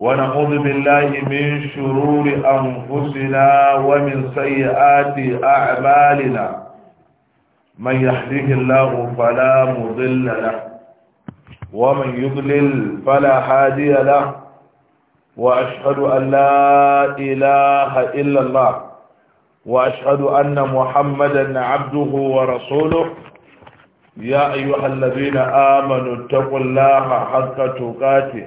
ونعوذ بالله من شرور أنفسنا ومن سيئات أعمالنا من يحذيه الله فلا مضل له ومن يضلل فلا هادي له وأشهد أن لا إله إلا الله وأشهد أن محمدا عبده ورسوله يا أيها الذين آمنوا اتقوا الله حق تقاته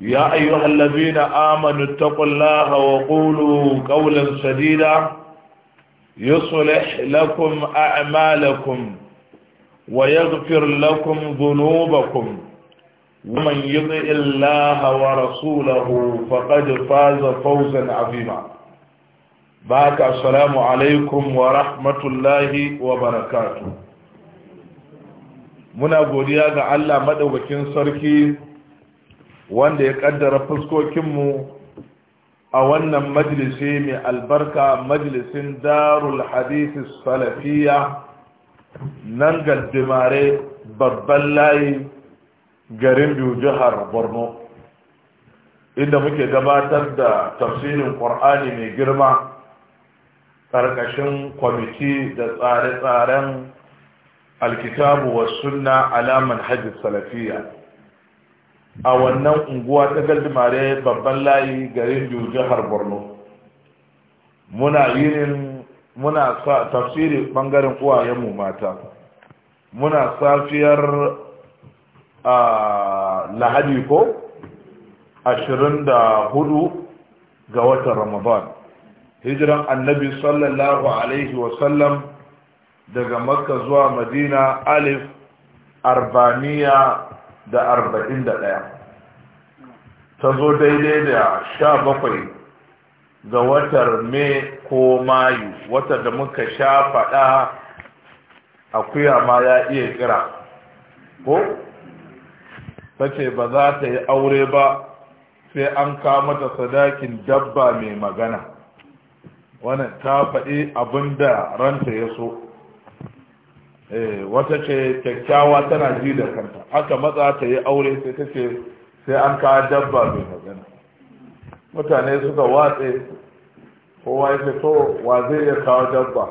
يا أيها الذين آمنوا اتقوا الله وقولوا قولا سديدا يصلح لكم أعمالكم ويغفر لكم ذنوبكم ومن يطع الله ورسوله فقد فاز فوزا عظيما بارك السلام عليكم ورحمة الله وبركاته muna godiya ga الله مدوكين sarki wanda ya kaddara fuskokinmu a wannan majalisi mai albarka majalisin darul hadisi salafiya nan gaddimare babban layi garin biyu jihar borno inda muke gabatar da tafsirin ƙwar'ani mai girma ƙarƙashin kwamiti da tsare-tsaren alkitabu wa sunna alaman hajji salafiya a wannan unguwa ta galdimare babban layi garin biyu jihar borno muna yinin muna tafsiri bangaren mu mata muna safiyar a lahadi ko da hudu ga watan ramadan hijiran annabi sallallahu alaihi wasallam daga makka zuwa madina alif arbaniya da arba'in da ɗaya ta zo daidai da sha bakwai ga watar me ko mayu wata da muka sha faɗa akuya ma ya iya kira ko ta ce ba za ta yi aure ba sai an ta sadakin dabba mai magana wannan ta faɗi abinda ranta ya so Eh, wata ce kyakkyawa tana ji da kanta haka matsa ta yi aure sai ta ce sai an kawo dabba mai magana mutane suka watse kowa ya ce to wa zai iya kawo dabba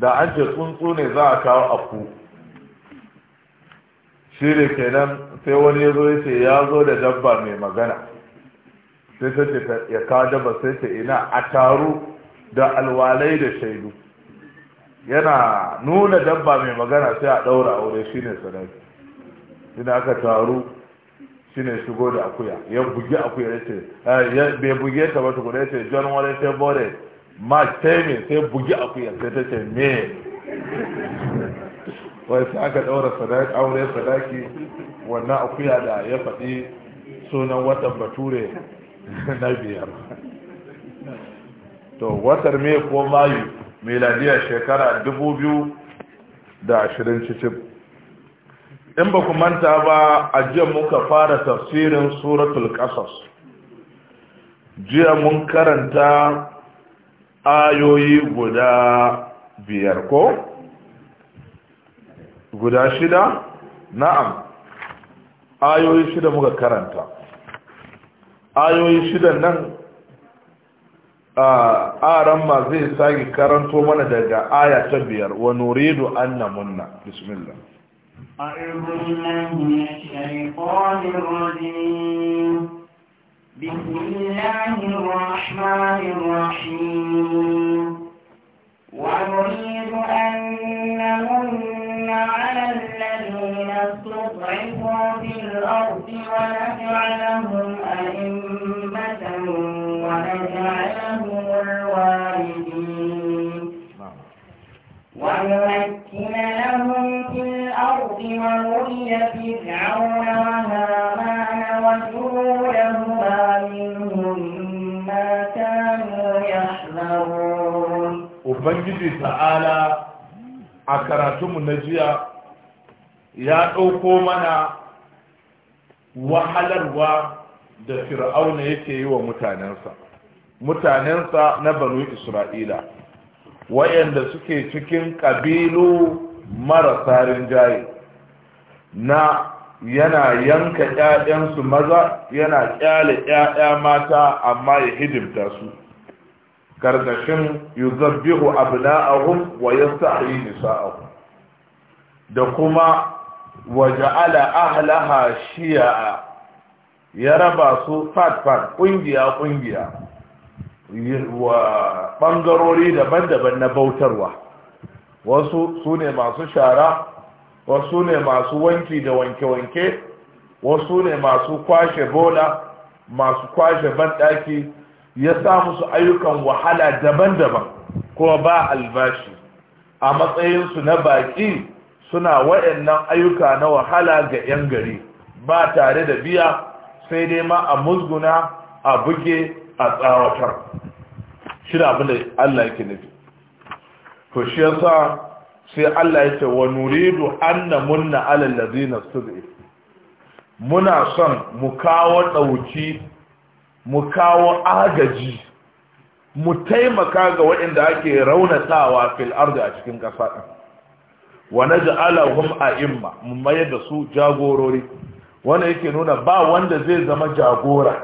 da an ce tsuntsu ne za a kawo aku shi ne kenan sai wani ya zo ya ce ya zo da dabba mai magana sai ta ce ya kawo dabba sai ta ina a taru da alwalai da shaidu yana nuna dabba mai magana sai a ɗaura aure shine sadaki idan aka taru shine shigo da akuya ya bugi akuya ya ce eh, bai bugi ta ba tukuna ya ce john wale sai bore ma sai sai bugi akuya sai ta ce me wai sai aka ɗaura sadaki aure sadaki wannan akuya da ya faɗi sunan watan bature na biyar to watar me ko mayu miladiyar shekara 2020 cikin in ba ku manta ba a jiya muka fara tafsirin suratul kasas jiya mun karanta ayoyi guda biyar ko guda shida na'am ayoyi shida muka karanta ayoyi shida nan aran ma zai sake karanto mana daga aya ta biyar wa nuridu an namunna bismillah أعوذ بالله من الشيطان الرجيم بسم الله الرحمن الرحيم ونريد أن نمن على الذين استضعفوا في الأرض ونجعلهم أئمة وجعلهم الوارثين ويمكن لهم في الأرض وولي فرعون وهامان وجنودهما منهم ما كانوا يحذرون Ubangiji ta'ala a karatunmu na jiya ya ɗauko mana wahalarwa da fir'auna yake yi wa mutanensa mutanensa na banu isra'ila wayanda suke cikin ƙabilu marasa rinjaye na yana yanka ‘ya'yansu maza yana ƙyale ‘ya'ya mata amma ya hidimta su gargashin yuzabbihu abna'ahum wa yasta'i nisa'ahum da kuma waja'ala ahlaha shi'a ya raba su fat fat ƙungiya ƙungiya ɓangarori daban-daban na bautarwa wasu su ne masu shara wasu ne masu wanki da wanke-wanke wasu ne masu kwashe bola masu kwashe banɗaki ya sa musu ayyukan wahala daban-daban kuma ba albashi a matsayinsu na baƙi suna waɗannan ayyuka na wahala ga 'yan gari ba tare da biya sai dai ma a musguna a buge a tsawatar shi da abin da Allah yake nufi to shi yasa sai Allah ya ce wa nuridu anna munna ala allazina muna son mu kawo dauki mu kawo agaji mu taimaka ga waɗanda ake raunatawa fil ardi a cikin ƙasa din wa naj'alahum a'imma mu mayar da su jagorori wanda yake nuna ba wanda zai zama jagora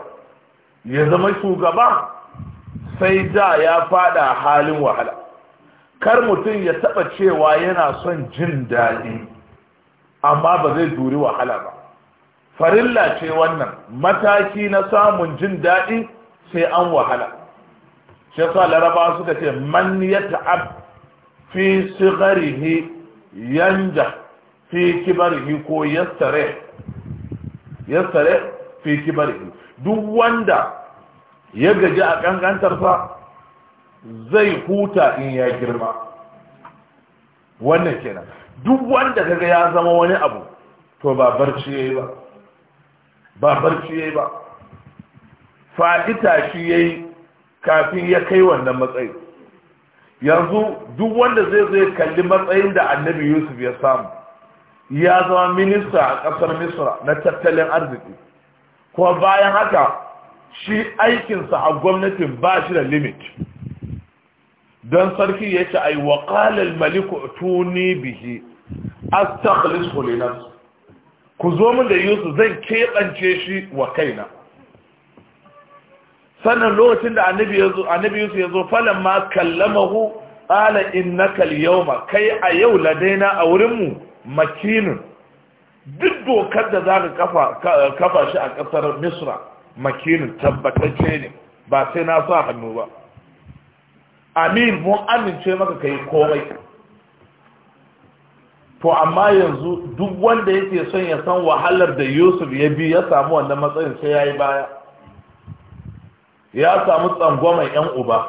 ya zama shugaba sai da ya fada halin wahala kar mutum ya taba cewa yana son jin daɗi amma ba zai duri wahala ba farilla ce wannan mataki na samun jin daɗi sai an wahala shi sa laraba suka ce man ya ta'ab fi sigarihi yanja fi kibarihi ko yassare yassare fi kibarihi duk wanda ya gaji a ƙanƙantarsa zai huta in ya girma wannan kenan duk wanda kaga ya zama wani abu to ba barci yayi ba ba barci yayi ba fa'ita shi yayi kafin ya kai wannan matsayi yanzu duk wanda zai zai kalli matsayin da annabi yusuf ya samu ya zama minista a ƙasar misra na tattalin arziki kuma bayan haka shi aikinsa a gwamnatin ba shi da limit don sarki ya ce ai wa waƙalar maliku tuni bihi astaghlis hulinas ku zo min da yusuf zan keɓance shi wa kaina sannan lokacin da annabi yusuf ya zo falon ma kallamahu ƙala innaka yawma kai a yau ladaina a wurinmu makinin duk dokar da za ka kafa shi a ƙasar misra makinin tabbatacce ne ba sai na sa hannu ba amin mun amince maka kai komai to amma yanzu duk wanda yake son ya san wahalar da yusuf ya bi ya samu wannan matsayin sai ya yi baya ya samu tsangwamar yan uba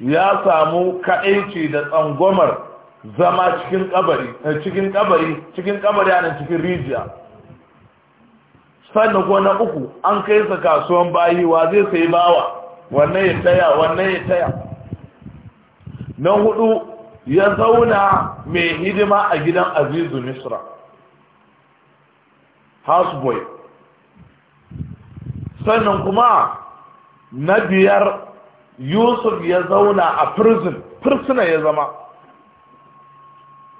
ya samu kaɗaici da tsangwamar zama cikin kabari eh, cikin kabari cikin kabari a cikin rijiya sannan ko na uku an kai sa kasuwan bayi wa zai sai bawa wannan ya taya wannan ya taya na hudu ya zauna mai hidima a gidan azizu misra houseboy sannan kuma na biyar yusuf ya zauna a prison prisoner ya zama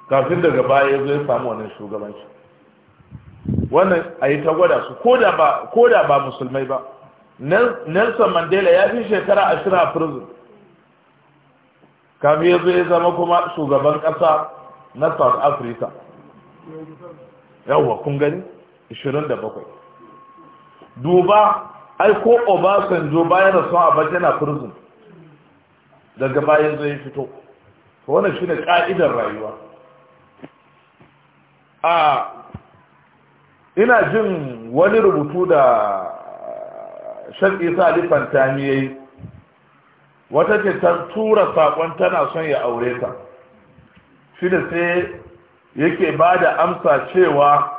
kafin daga baya ya zai samu wannan shugabanci wannan a yi ta gwada su ko da ba musulmai ba nelson mandela ya fi shekara ashirin a prison kamar ya zo ya zama kuma shugaban ƙasa na south africa yawwa kun gani 27 duba ai ko obasanjo bayan rasuwa abajen na prison daga bayan zai fito wannan shi ne ƙa'idar rayuwa a ina jin wani rubutu da shan isa alifan tamiyai wata ce ta tura saƙon tana son ya aure ta shi da sai yake ba da amsa cewa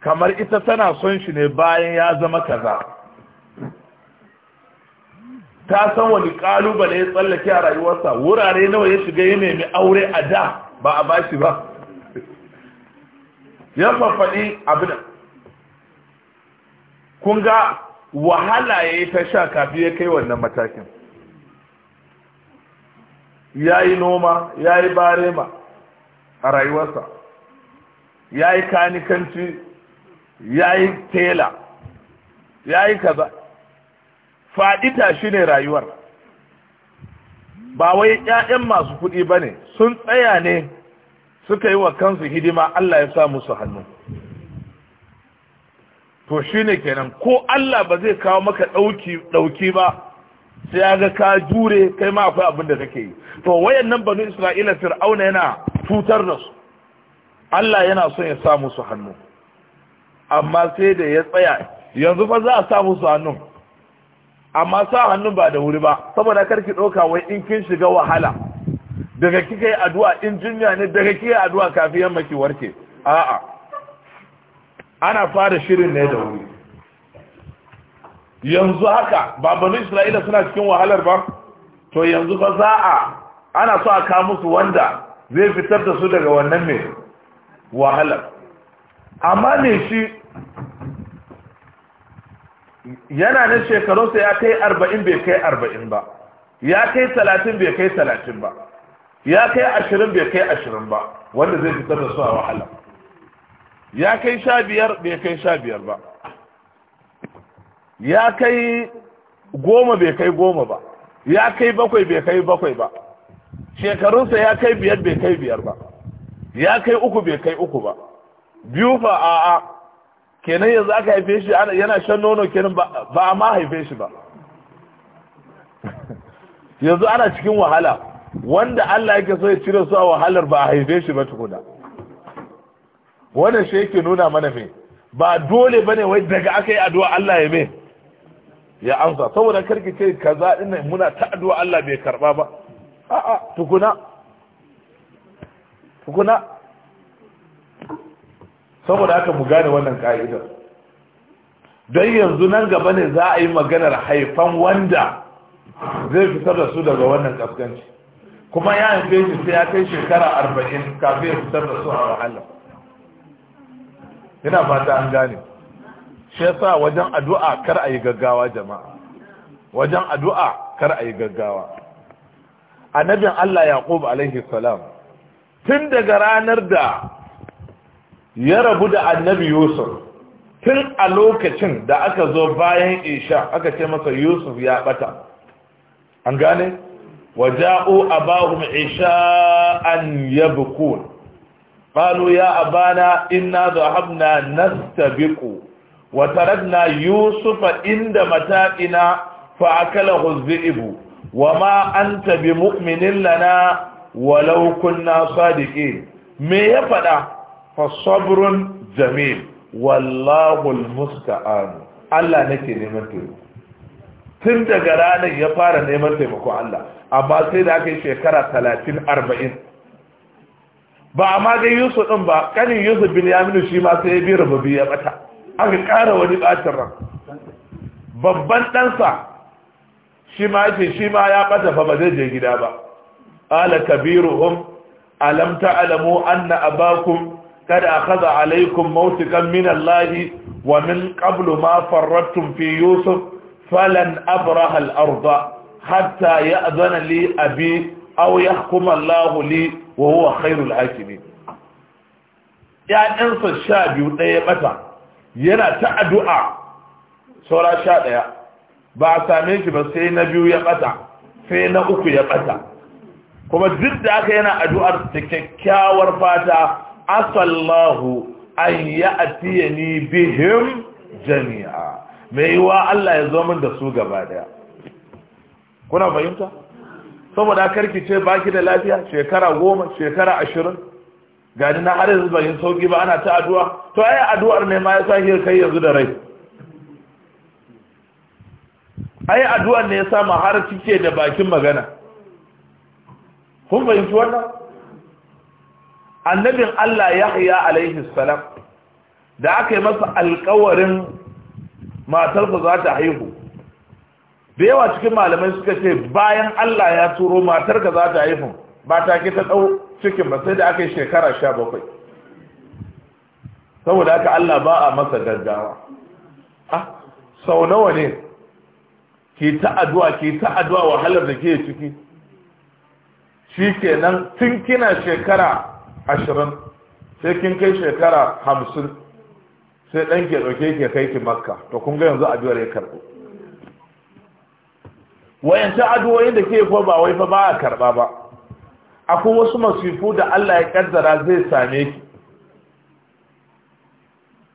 kamar ita tana son shi ne bayan ya zama kaza ta san wani ƙalubale ya tsallake a rayuwarsa wurare nawa ya shiga ya nemi aure a da ba a bashi ba ya faɗi abin kun ga wahala ya yi ta sha kafin ya kai wannan matakin ya yi noma ya yi barema a rayuwarsa ya yi kanikanci ya yi tela ya yi kaza faɗita shi ne rayuwar ba wai 'ya'yan masu kuɗi ba ne sun tsaya ne suka yi wa kansu hidima Allah ya sa musu hannu to shine kenan ko Allah ba zai kawo maka dauki ba sai ya ga ka jure kai ma akwai abin da kake yi to wayannan banu Isra'ila Fir'auna yana tutar da su Allah yana son ya sa musu hannu amma sai da ya tsaya yanzu fa za a sa musu hannu amma sa hannun ba da wuri ba saboda karki ɗauka wai in kin shiga wahala daga kika yi addu'a in jinya ne daga kika yi addu'a kafin yamma ki warke a'a ana fara shirin ne da wuri yanzu haka babanin Isra'ila suna cikin wahalar ba to yanzu fa za a ana so a ka musu wanda zai fitar da su daga wannan mai wahalar amma ne shi yana shekaru shekarunsa ya kai arba'in bai kai arba'in ba ya kai talatin bai kai talatin ba ya kai ashirin bai kai ashirin ba wanda zai fitar da su a wahala ya kai sha biyar bai kai sha biyar ba ya kai goma bai kai goma ba ya kai bakwai bai kai bakwai ba shekarunsa ya kai biyar bai kai biyar ba ya kai uku bai kai uku ba biyu fa a'a kenan yanzu aka haife shi yana shan nono kenan ba a ma haife shi ba yanzu ana cikin wahala wanda Allah yake so ya cire su a wahalar ba a haife shi ba tukuna wannan shi yake nuna mana me ba dole bane wai daga aka yi addu'a Allah ya me ya amsa saboda karki ce kaza din nan muna ta addu'a Allah bai karba ba a'a tukuna tukuna saboda haka mu gane wannan ka'idar don yanzu nan gaba ne za a yi maganar haifan wanda zai fitar da su daga wannan kaskanci kuma ya haife shi sai ya kai shekara arba'in kafin ya fitar da su a wahala ina fata an gane shi yasa wajen addu'a kar a yi gaggawa jama'a wajen addu'a kar a yi gaggawa annabin Allah Yaqub alaihi salam tun daga ranar da ya rabu da annabi Yusuf tun a lokacin da aka zo bayan Isha aka ce masa Yusuf ya bata an gane وجاءوا أباهم عشاء يبكون قالوا يا أبانا إنا ذهبنا نستبق وتركنا يوسف عند متاعنا فأكله الذئب وما أنت بمؤمن لنا ولو كنا صادقين ما يفعل فصبر جميل والله المستعان الله نكي لمن تقول tun daga ranar ya fara neman taimako Allah amma sai da aka yi shekara talatin arba'in ba a magan yusuf ɗin ba ƙanin yusuf bin minu shi ma sai ya biyar rububi ya ɓata aka ƙara wani ɓacin ran babban ɗansa shi ma ce shi ma ya ɓata fa ba zai je gida ba ala Kabiru kabiruhum alam alamu anna abakum kada a kaza alaikum mautukan min Allah wa min qablu ma farrattum fi yusuf falan abrahal al-arda hatta ya li abi aw kuma Allahu li wa huwa khairul hakimin ya'yansa sha biyu ɗaya bata yana ta addu'a saura sha ba a same shi ba sai na biyu ya bata sai na uku ya bata kuma duk da aka yana addu'ar ta kyakkyawar fata asallahu an atiyani bihim jami'a mai yiwuwa Allah ya zo min da su gaba daya kuna fahimta saboda karki ce baki da lafiya shekara goma shekara ashirin gani na har yanzu ban sauki ba ana ta addu'a to ai addu'ar ne ma ya sa kai yanzu da rai ai addu'ar ne ya sa ma har cike da bakin magana kun fahimci wannan annabin Allah Yahya alaihi salam da aka yi masa alƙawarin matarsa za ta haihu da yawa cikin malamai suka ce bayan Allah ya turo matar ka za ta haihu ba ta ke ta ɗau cikin ba sai da aka yi shekara sha bakwai saboda haka Allah ba a masa gaggawa ah sau nawa ne ki ta addu'a ki ta addu'a wahalar da ke ciki shi kenan tun kina shekara ashirin sai kin kai shekara hamsin sai ɗan ke ɗauke ke kai ki makka to kun ga yanzu addu'ar ya karɓo wayancan addu'o'in da ke ko ba wai fa ba a karɓa ba akwai wasu masifu da Allah ya kaddara zai same ki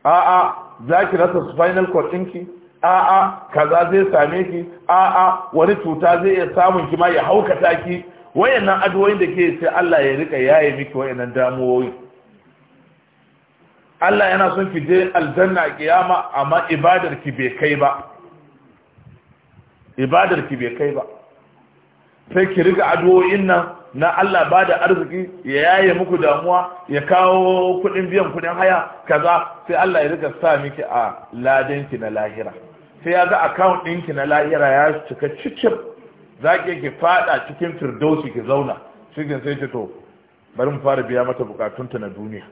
a'a za ki rasa spinal cord ɗinki a'a kaza zai same ki a'a wani cuta zai iya samun ki ma ya haukata ki wayannan addu'o'in da ke sai Allah ya rika yaye miki wayannan damuwoyi. Allah yana son ki je aljanna a kiyama amma ibadar ki bai kai ba ibadar ki bai kai ba sai ki riga addu'o'in nan na Allah ba da arziki ya yaye muku damuwa ya kawo kuɗin biyan kuɗin haya kaza sai Allah ya riga sa miki a ladanki na lahira sai ya ga account ɗinki na lahira ya cika cikin za ki ki fada cikin firdausi ki zauna cikin sai ki to bari mu fara biya mata bukatunta na duniya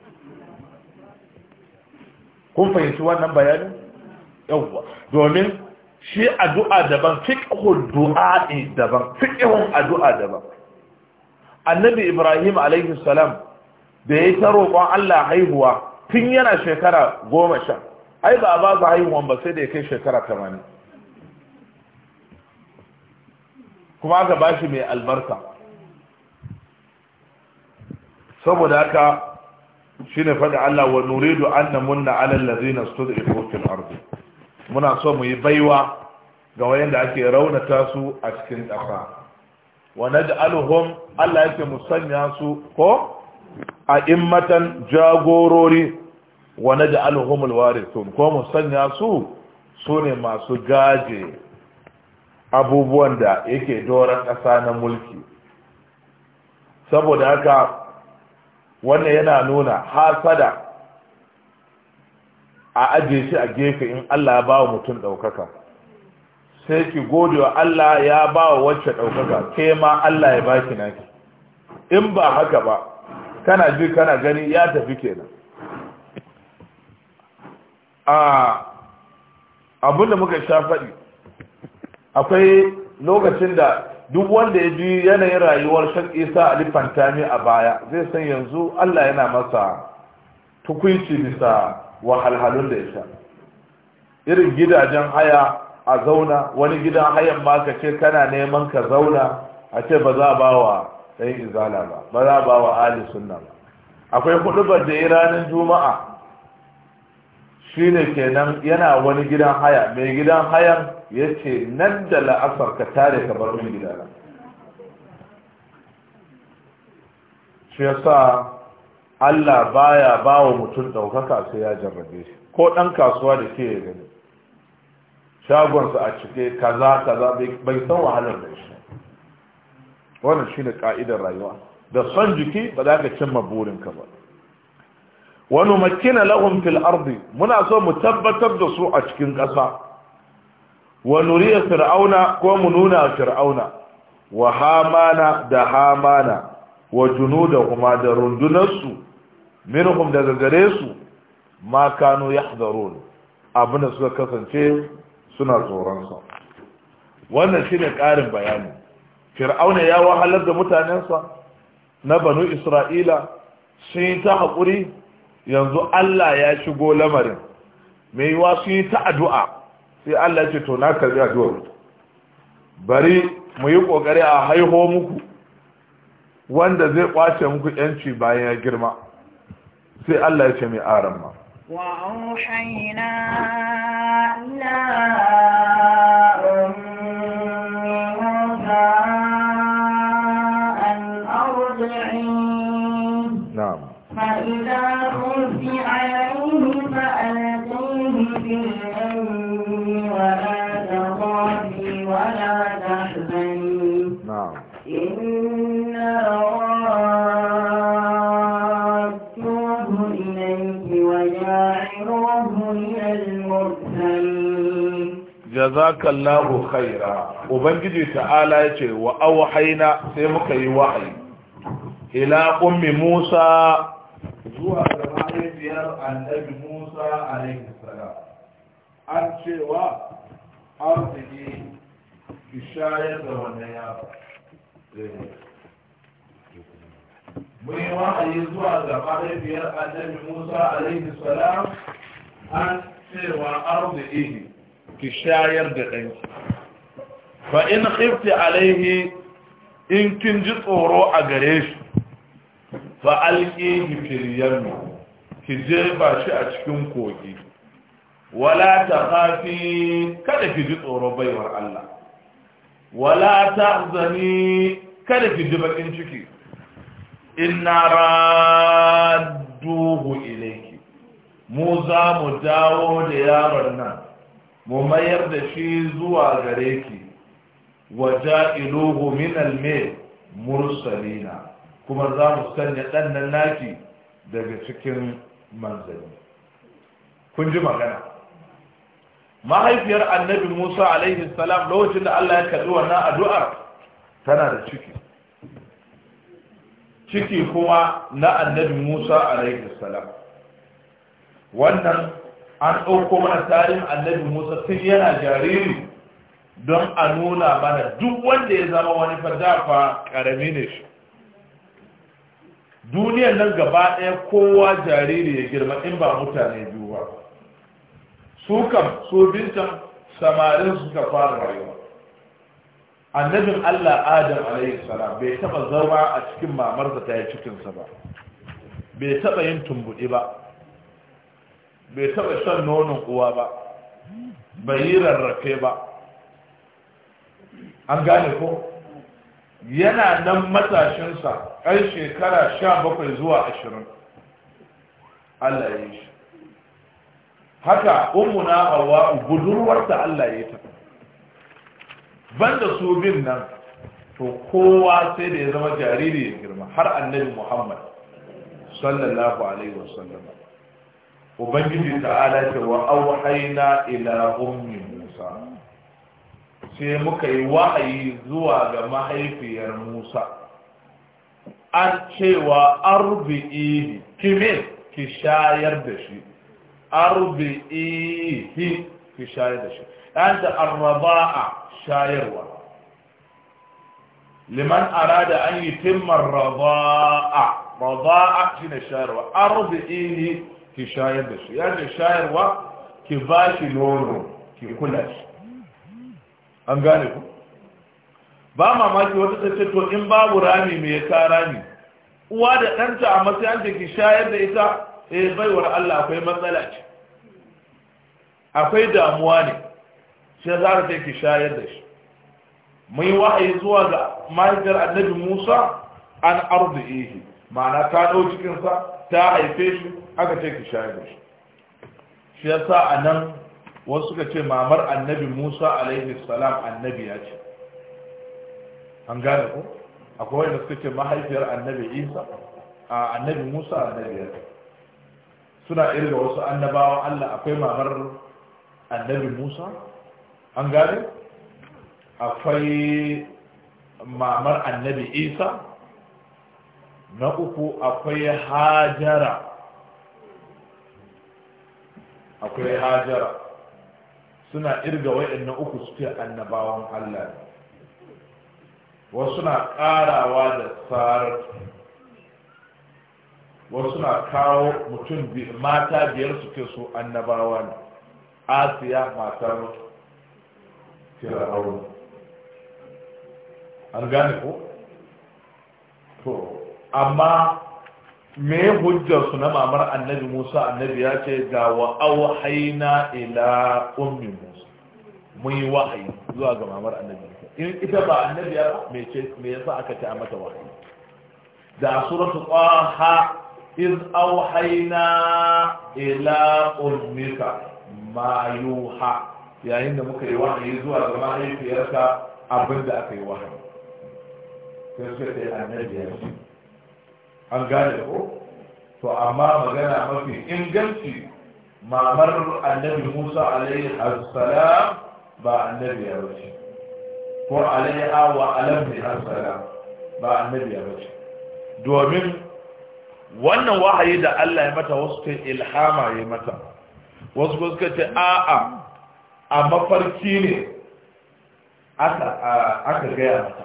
kun fahimci wannan bayanin yawwa domin shi addu'a daban fiqhul du'a daban fiqhun addu'a daban annabi ibrahim alaihi salam da yayi ta roƙon Allah haihuwa tun yana shekara goma ai ba ba ba haihuwan ba sai da ya kai shekara 80 kuma aka bashi mai albarka saboda haka shine faɗi Allah wa nuridu an Munna, ala allazina stud'ifu fil ardi muna so mu yi baiwa ga wayanda ake raunata su a cikin ƙasa wa naj'aluhum Allah yake mu sanya su ko a immatan jagorori wa naj'aluhum alwarithun ko mu sanya su sune masu gaje abubuwan da yake doran ƙasa na mulki saboda haka wannan yana nuna hasada a ajiye shi a gefe in Allah ya ba wa mutum ɗaukaka sai ki gode wa Allah ya ba wa wacce ɗaukaka ke ma Allah ya ba ki naki in ba haka ba kana ji kana gani ya tafi kenan a abinda muka sha faɗi akwai lokacin da duk wanda ya ji yanayin rayuwar shan isa ali fantami a baya zai san yanzu allah yana masa tukunci bisa wahalhalun da ya sha irin gidajen haya a zauna wani gidan hayan ma ka ce kana neman ka zauna a ce ba za ba wa ɗan izala ba ba za ba wa ali sunna ba akwai huɗubar da ranar juma'a shine kenan yana wani gidan haya mai gidan hayan ya ce nan da la'asar ka tare ka bar min gidana shi sa Allah baya ba wa mutum ɗaukaka sai ya jarrabe shi ko ɗan kasuwa da ke gani shagonsa a cike kaza kaza bai san wahalar da shi wannan shine ka'idar rayuwa da son jiki ba za ka cimma burinka ba wani makina lahun fil muna so mu tabbatar da su a cikin ƙasa wa nuriya fir'auna ko mu nuna fir'auna wa hamana da hamana wa da kuma da rundunarsu minuhum daga gare su ma kano yahdharun abin suka kasance suna tsoronsa. wannan shine ƙarin bayani fir'auna ya wahalar da mutanensa na banu isra'ila sun yi ta haƙuri yanzu Allah ya shigo lamarin mai yiwa su yi ta addu'a sai Allah ya ce to na karbi addu'ar bari mu yi kokari a haiho muku wanda zai ƙwace muku yanci bayan ya girma sai Allah ya ce mai aran ma جزاك الله خيرا وبنجي تعالی چه وا اوحینا سے الى ام موسى جوا رائے بیار ان نبی موسى عليه السلام ان چه وا ارضی کی من وحي يزوى زفاره بيال عجل موسى عليه السلام أن سوى أرض إيه ki shayar da ɗanki Ba in khifti alaihi in kin ji tsoro a gare shi fa alƙi mu ki jefa shi a cikin kogi wala ta kafi kada ki ji tsoro baiwar Allah wala ta zani kada ki ji bakin ciki inna radduhu ilaiki. mu za mu dawo da yaron nan mu mayar da shi zuwa gare ki wa ja'iluhu min al-mai kuma za mu sanya dan nan daga cikin manzani. kun ji magana mahaifiyar annabi Musa alaihi salam lokacin da Allah ya karbi wannan tana da ciki ciki kuma na annabi Musa alaihi salam wannan an ɗauko mana tarihin annabi musa tun yana jariri don a nuna mana duk wanda ya zama wani fadafa ƙarami ne shi duniyar nan gaba ɗaya kowa jariri ya girma in ba mutane biyu ba su kam su bincan samarin suka fara rayuwa annabin allah adam alaihi salam bai taɓa zama a cikin mamarsa ta yi cikinsa ba bai taɓa yin tumbuɗi ba bai taɓa shan nonon uwa ba bai yi rarrafe ba an gane ko yana nan matashinsa ƙar shekara sha bakwai zuwa ashirin Allah ya yi shi haka umuna hawa budurwarta Allah ya ta banda su bin nan to kowa sai da ya zama jariri ya girma har annabi Muhammad sallallahu alaihi wasallam ubangiji ta'ala ce wa auhayna ila ummi musa sai muka yi wa'ayi zuwa ga mahaifiyar musa an cewa arbi'ihi kime ki shayar da shi arbi'ihi ki shayar da shi an da arraba'a shayarwa liman arada an yi timmar raba'a raba'a shine shayarwa arbi'ihi ki shayar da su ya shayarwa ki ba shi nono ki kula shi an gane ku ba mamaki wata ta to in babu rami me ya ka rami uwa da ɗanta a matsayin da ki shayar da ita e baiwar Allah akwai matsala ce akwai damuwa ne sai za ta ki shayar da shi mai wa'ayi zuwa ga mahaifiyar annabi Musa an arzihi ma'ana ta ɗau cikinsa ta haife shi aka ce ki shayar da shi shi yasa a nan wasu suka ce mamar annabi musa alaihi salam annabi ya ce an gane ku? akwai wanda suka ce mahaifiyar annabi isa a annabi musa annabi ya ce suna irin da wasu annabawa allah akwai mamar annabi musa an gane akwai mamar annabi isa na uku akwai hajara akwai hajara suna irga wa'in na uku suke annabawan allah wasu na karawa da tsara, wasu na kawo mutum mata biyar suke su annabawa ne asiya matar aure. an gane ko to amma me hujjar su na mamar annabi Musa annabi ya ce ga wa auhaina ila ummi Musa mun yi wahayi zuwa ga mamar annabi in ita ba annabi ya me ce me yasa aka ce a mata wahayi da suratu qaha iz auhaina ila ummika ma yuha yayin da muka yi wahayi zuwa ga mahaifiyarka abinda aka yi wahayi sai ce annabi ya ce an gane da ko to amma magana mafi inganci mamar annabi musa alaihi assalam ba annabi ya bace ko alaiha wa alamni assalam ba annabi ya bace domin wannan wahayi da Allah ya mata wasu ta ilhama ya mata wasu suka ce a'a a mafarki ne aka gaya mata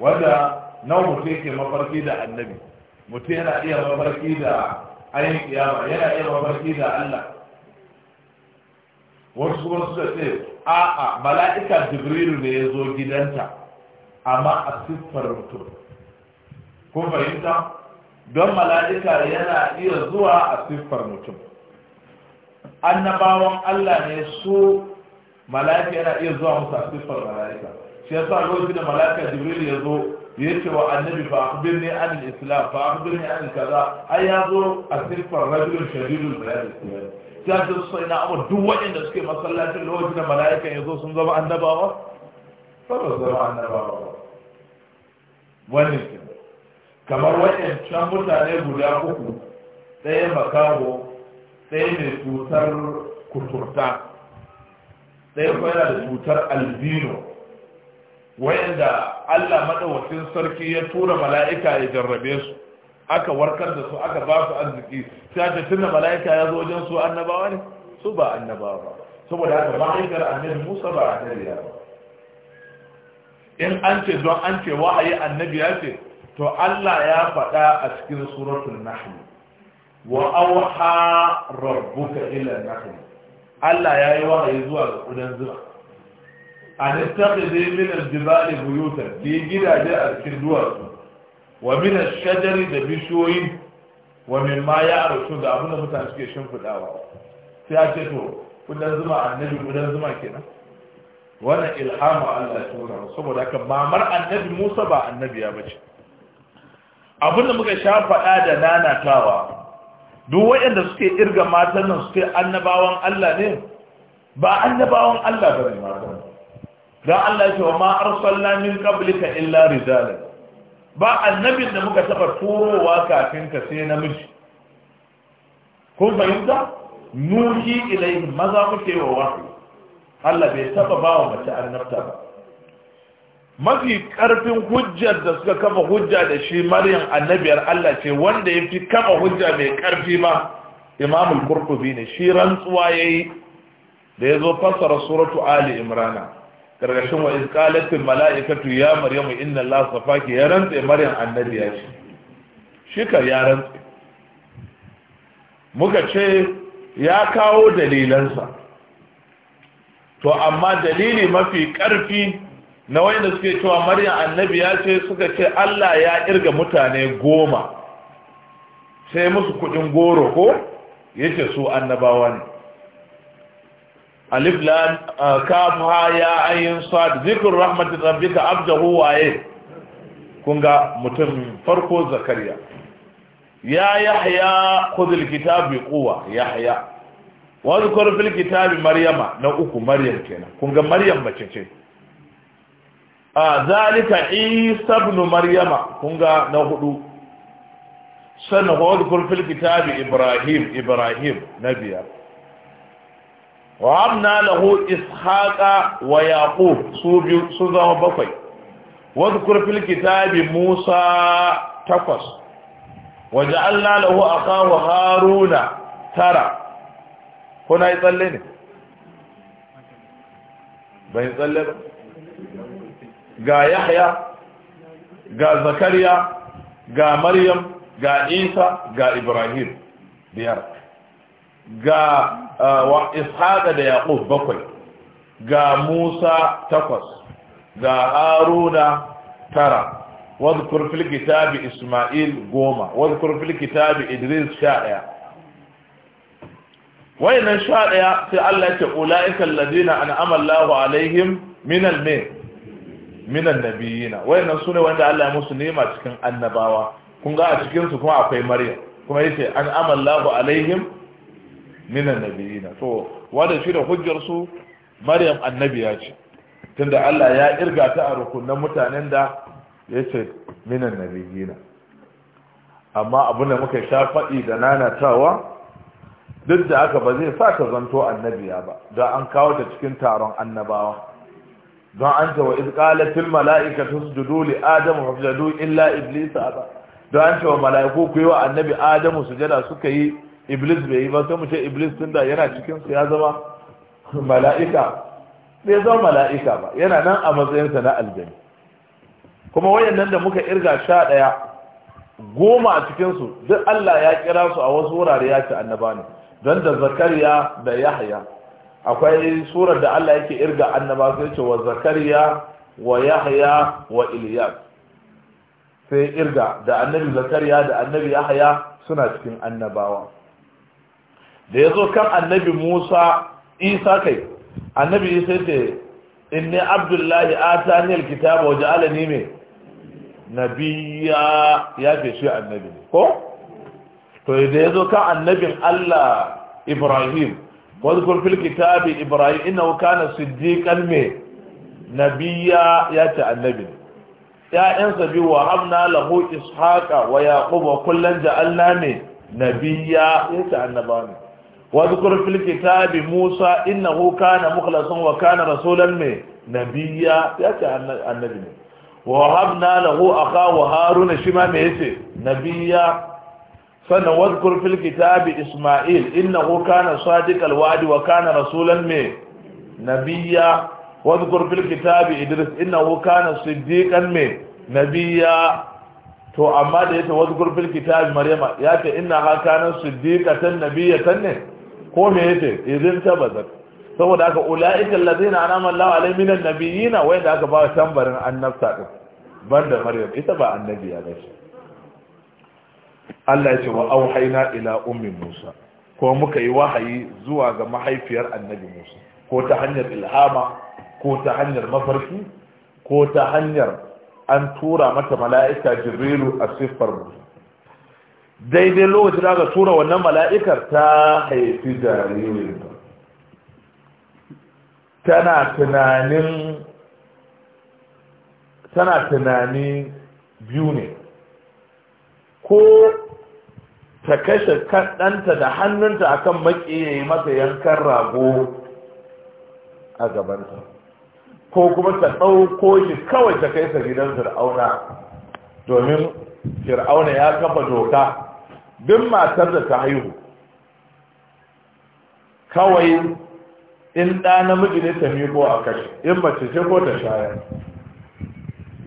wanda nawa mutum yake mafarki da annabi mutum yana iya mafarki da ayin kiyama yana iya mafarki da Allah wasu kuma suka ce a'a mala'ika jibrilu ne ya zo gidanta amma a siffar mutum kun fahimta don mala'ika yana iya zuwa a siffar mutum annabawan Allah ne su mala'ika yana iya zuwa musu a siffar mala'ika shi yasa lokacin da mala'ika jibrilu ya zo yace wa annabi fa akhbirni an al-islam fa akhbirni an kaza ai yazo asirfar rajul shadidul bayad ta da su sai na abu duk wanda suke masallacin lokacin da malaika zo sun zama annabawa fa ba zama annabawa wannan kamar waɗancan mutane guda uku ɗaya makaho ɗaya mai cutar kuturta ɗaya kuma da cutar albino wayanda Allah madawacin sarki ya tura mala'ika ya jarrabe su aka warkar da su aka ba su arziki sai da tunda mala'ika ya zo wajen su annabawa ne su ba annabawa ba saboda haka ma'aikar annabi Musa ba annabi ya ba in an ce don an ce wahayi annabi ya ce to Allah ya faɗa a cikin suratul nahl wa awha rabbuka ila nahl Allah ya yi wahayi zuwa ga kudan an ittakhidhi min al-jibali buyutan fi gidaje a cikin duwatsu wa min ash-shajari da bishoyi wa min ma ya'rushu da abinda mutane suke shimfidawa sai a ce to kudan zuma annabi kudan zuma kenan wannan ilhamu Allah tura saboda haka mamar annabi Musa ba annabi ya bace abinda muka sha faɗa da nanatawa duk waɗanda suke irga matan nan suke annabawan Allah ne ba annabawan Allah ba ne don Allah ce wa ma arsalna min qablika illa rijalan ba annabin da muka taba turowa kafin ka sai namiji kun fahimta nuhi ilayhi maza muke wa wahyi Allah bai taba ba wa mace annabta ba mafi karfin hujjar da suka kafa hujja da shi maryam annabiyar Allah ce wanda ya fi kafa hujja mai karfi ma imamul qurtubi ne shi rantsuwa yayi da ya zo fassara suratu ali imrana gargashin wa izqalatil mala'ikatu ya mu inna allaha safaki ya rantse maryam annabi ya shi ka ya rantse muka ce ya kawo dalilansa to amma dalili mafi ƙarfi na wanda suke cewa maryam annabi ya ce suka ce Allah ya kirga mutane goma sai musu kuɗin goro ko yake su annabawa ne alif lam uh, kaf ha ya ayin sad zikr rahmatir rabbika abdahu waye kun ga mutum farko zakariya ya yahya khudhil kitab bi quwwa yahya wa zkur fil kitab maryama na uku maryam kenan kun ga maryam mace ce a zalika isa ibn maryama kun ga na hudu sannan wa zkur fil kitab ibrahim ibrahim na biyar وعبنا له إسحاق ويعقوب سوبيو سوزه واذكر في الكتاب موسى تقص وجعلنا له أخاه هارون ترى هنا يصليني بين يصلي قا يحيى غا زكريا غا مريم غا عيسى غا إبراهيم بيار غا wa ishaqa da yaqub bakwai ga musa takwas ga haruna tara wadkur kitabi isma'il goma wadkur fil kitabi idris sha daya wayannan sai allah ya ce ula'ika alladina an'ama allahu alaihim min al min min annabiyina wayannan sune wanda allah ya musu nema cikin annabawa kun ga a cikinsu kuma akwai maryam kuma yace an'ama allahu alaihim minan nabiyina to wanda shi da hujjar su maryam annabiya ce tunda Allah ya irga ta a rukunan mutanen da yace minan nabiyina amma abin da muka sha faɗi da nanatawa duk da aka ba zai sa ta zanto annabiya ba da an kawo ta cikin taron annabawa don an cewa wa izqalatil mala'ikatu sujudu li adama fasjudu illa iblisa aba don an cewa mala'iku ku yi wa annabi adamu sujada suka yi iblis bai yi ba sai mu ce iblis tun da yana cikin su ya zama mala'ika bai zama mala'ika ba yana nan a matsayinsa na aljani kuma wayannan da muka irga sha ɗaya goma a cikinsu duk Allah ya kira su a wasu wurare ya ce annaba ne don da zakariya da yahya akwai surar da Allah yake irga annaba sai ce wa zakariya wa yahya wa iliyas sai irga da annabi zakariya da annabi yahya suna cikin annabawa da ya zo kan annabi musa isa kai annabi isa ce in inni abdullahi a atani alkitaba wa ja'alani me nabiya ya ce shi annabi ko to da ya zo kan annabin Allah Ibrahim wadhkur fil kitabi Ibrahim innahu kana siddiqan me nabiya ya ce annabi ya'yansa biyu wa hamna lahu ishaqa wa yaquba kullan ja'alna me nabiyya ya ce annabani واذكر في الكتاب موسى إنه كان مخلصا وكان رسولا من نبيا يأتي النبي ووهبنا له أخاه هارون شما ميسي نبيا فنذكر واذكر في الكتاب إسماعيل إنه كان صادق الوعد وكان رسولا من نبيا واذكر في الكتاب إدريس إنه كان صديقا من نبيا تو اما ده yake في الكتاب مريم maryama ya ce صديقه ha تنه ko me yace idin tabazat saboda haka ulaika allazina anama Allahu alaihim minan nabiyina wanda aka ba tambarin annabta din banda maryam ita ba annabiya ba ce Allah ya ce wa auhayna ila ummi musa ko muka yi wahayi zuwa ga mahaifiyar annabi musa ko ta hanyar ilhama ko ta hanyar mafarki ko ta hanyar an tura mata mala'ika jibrilu a siffar musa daidai lokaci da aka tura wannan mala'ikar ta haifi jaririn tana tunanin tana tunani biyu ne ko ta kashe kaɗanta da hannunta akan maƙiye masa yankan rago a gabanta ko kuma ta ɗauko shi kawai ta kai sa gidan fir'auna domin fir'auna ya kafa doka duk matar da ta haihu kawai in ɗa namiji ne ta miƙo a kashe in mace ce ko ta shayar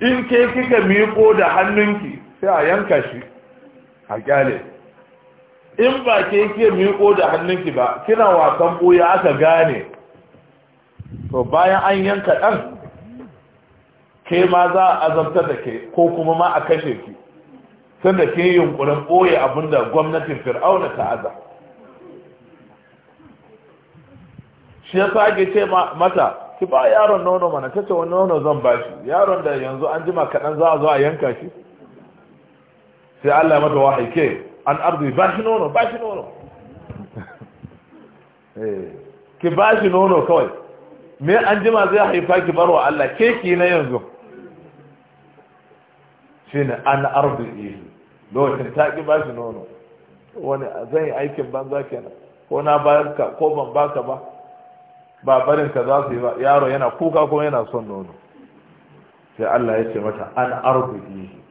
in ke kika miƙo da hannunki sai a yanka shi a kyale in ba ke ke miƙo da hannunki ba kina wasan ɓoye aka gane to bayan an yanka ɗan ke ma za a azabtar da ke ko kuma ma a kashe ki sanda ke yunkurin ɓoye abinda gwamnatin fir'auna ta aza shi ya ake ce mata ki ba yaron nono mana ta ce wani nono zan ba shi yaron da yanzu an jima kaɗan za a zo a yanka shi sai allah mata wahayi ke an arziki ba shi nono ba shi nono eh, ki ba shi nono kawai me an jima zai haifa ki barwa allah keki na yanzu shine an arziki lokacin ta ki ba shi nono wani zan yi aikin banza kenan ko na bayar ka ko ban baka ba ba barin ka za su yi ba yaro yana kuka kuma yana son nono sai Allah ya ce mata an arzuki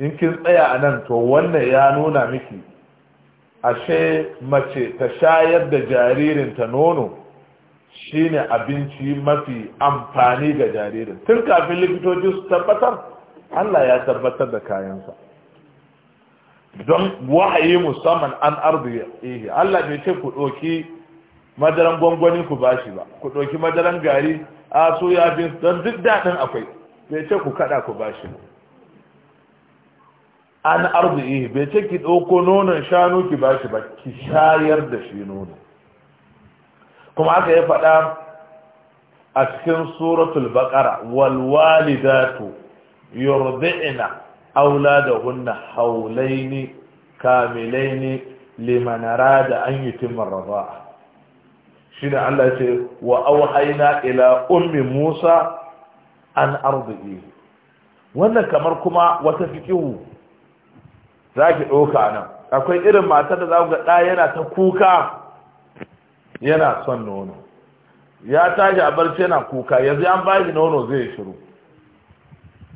in kin tsaya a nan to wannan ya nuna miki ashe mace ta shayar da jaririnta nono shine abinci mafi amfani ga jaririn tun kafin likitoci su tabbatar Allah ya tabbatar da kayansa don wahayi musamman an arzi ihe Allah bai ce ku ɗoki madaran gwangwani ku bashi ba ku ɗoki madaran gari a su ya bin don duk daɗin akwai bai ce ku kaɗa ku bashi ba an arzi ihe bai ce ki ɗauko nonon shanu ki bashi ba ki shayar da shi nono kuma aka yi faɗa a cikin suratul baƙara walwalidatu yurdi'na aula da kamilaini haulaini arada an yutimma ar-rida'a Shin Allah ya ce wa auhayna ila ummi Musa an ardi wannan kamar kuma wata fiqihu zaki doka nan akwai irin matar da zaku ga da yana ta kuka yana son nono ya taji a barci yana kuka yanzu an bashi nono zai shiru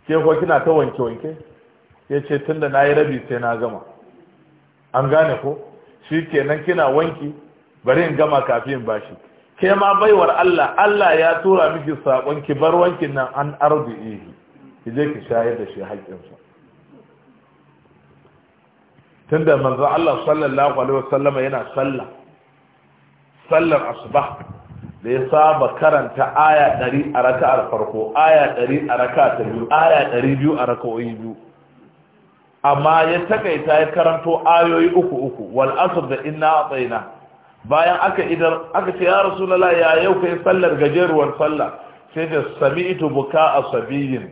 ke kuwa kina ta wanke-wanke ya ce tun da na yi rabi sai na gama an gane ko shi kenan kina wanki bari in gama kafin bashi ke ma baiwar Allah Allah ya tura miki sakon ki bar wankin nan an arzihi ki je ki shayar da shi haƙƙinsa da manzo Allah sallallahu alaihi wasallama yana sallah sallar asbah da ya saba karanta aya ɗari a raka'ar farko aya ɗari a raka ta biyu aya ɗari biyu a raka'o'i biyu amma ya takaita ya karanto ayoyi uku uku wal asr da inna atayna bayan aka idar aka ce ya rasulullah ya yau kai sallar gajeruwar sallah sai da sami'tu buka'a asabiyin.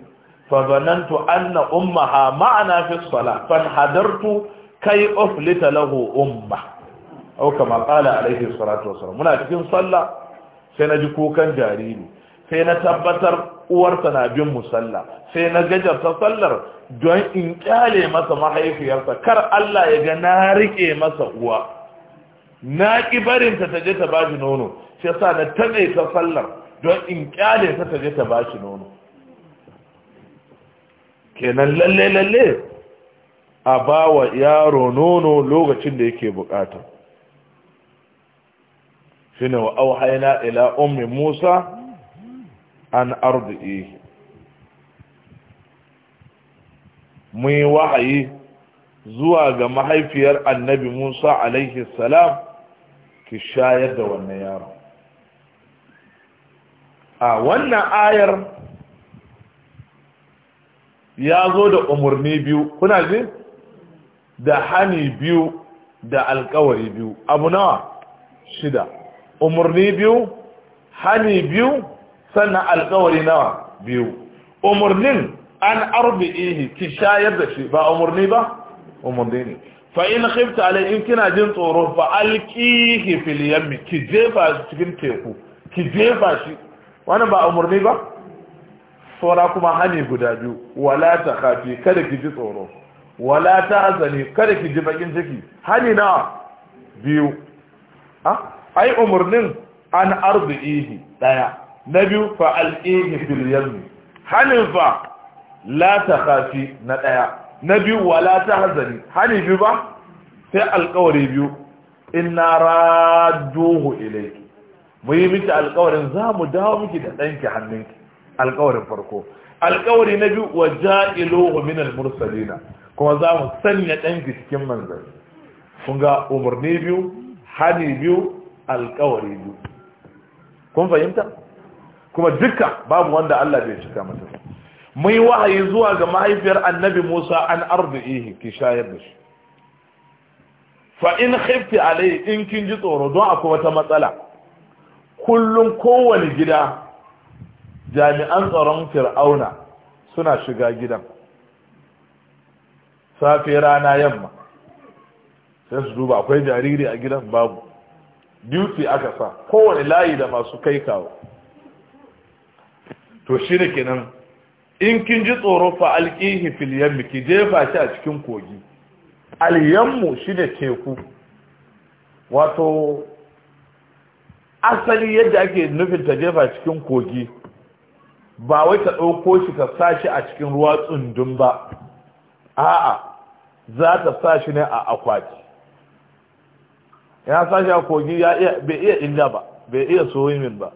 fa zanantu anna ummaha ma'ana fi salah fan hadartu kai uflita lahu umma au kama qala alaihi salatu wassalam muna cikin sallah sai na ji kukan jariri sai na tabbatar uwarsa na bin musalla sai na gajarta sallar don in kyale masa mahaifiyarsa kar Allah ya ga na rike masa uwa na ki barin ta je ta bashi nono sai sa na tane ta sallar don in kyale ta ta je ta bashi nono kenan lalle lalle a bawa yaro nono lokacin da yake bukata shine wa auhayna ila ummi musa an ardihi mun yi wahayi zuwa ga mahaifiyar annabi musa alaihi salam ki shayar da wannan yaro. a wannan ayar ya zo da umarni biyu kuna ji da hani biyu da alkawari biyu abu nawa shida umarni biyu hani biyu sannan alkawari nawa biyu umarnin an arbi'ihi ki shayar da shi ba umarni ba umarni ne fa in khifta alai in kina jin tsoro fa alqihi fil yammi ki jefa cikin teku ki jefa shi wannan ba umarni ba saura kuma hani guda biyu wala ta khafi kada ki ji tsoro wala ta azani kada ki ji bakin ciki hani na biyu ah ai umarnin an arzihi daya na biyu fa al'ihi fil yammi hanin fa la na daya na biyu wa la tahzani hani biyu ba sai alƙawari biyu inna radduhu ilayki mu yi miki alƙawarin za mu dawo miki da ɗanki hannunki alƙawarin farko alƙawari na biyu wa ja'iluhu min al-mursalina kuma za mu sanya ɗanki cikin manzanni kun ga umarni biyu hani biyu alkawari biyu kun fahimta kuma duka babu wanda Allah bai cika masa mai wahayi zuwa ga mahaifiyar annabi Musa an ardihi ki shayar da shi fa in khifti alai in kin ji tsoro don akwai wata matsala kullum kowani gida jami'an tsaron fir'auna suna shiga gidan safe rana yamma sai su duba akwai jariri a gidan babu duty aka sa kowane layi da masu kai kawo to shi ne kenan in kin ji tsoro fa alƙihi fil yammi ki jefa shi a cikin kogi al yammu shi ne teku wato asali yadda ake nufin ta jefa cikin kogi ba wai ta ɗauko shi ka sa shi a cikin ruwa tsundun ba a'a za ta sa shi ne a akwati ya sashi a kogi ya bai iya illa ba bai iya min ba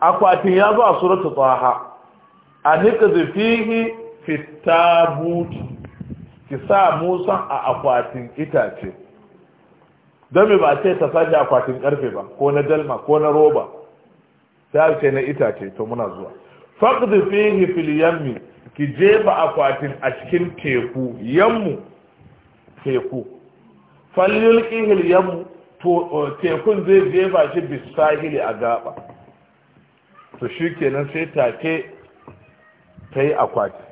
akwatin ya zo a suratu tsaha a nika zafihi fitabuti ki sa musa a akwatin itace don mai ba ce ta sashi akwatin karfe ba ko na dalma ko na roba ta ce na itace to muna zuwa faqdi zafihi fil yammi ki jefa akwatin a cikin teku yammu teku fallil ƙihil to eh, tekun zai jefa shi bisahili a gaba to shi kenan sai take ta yi akwati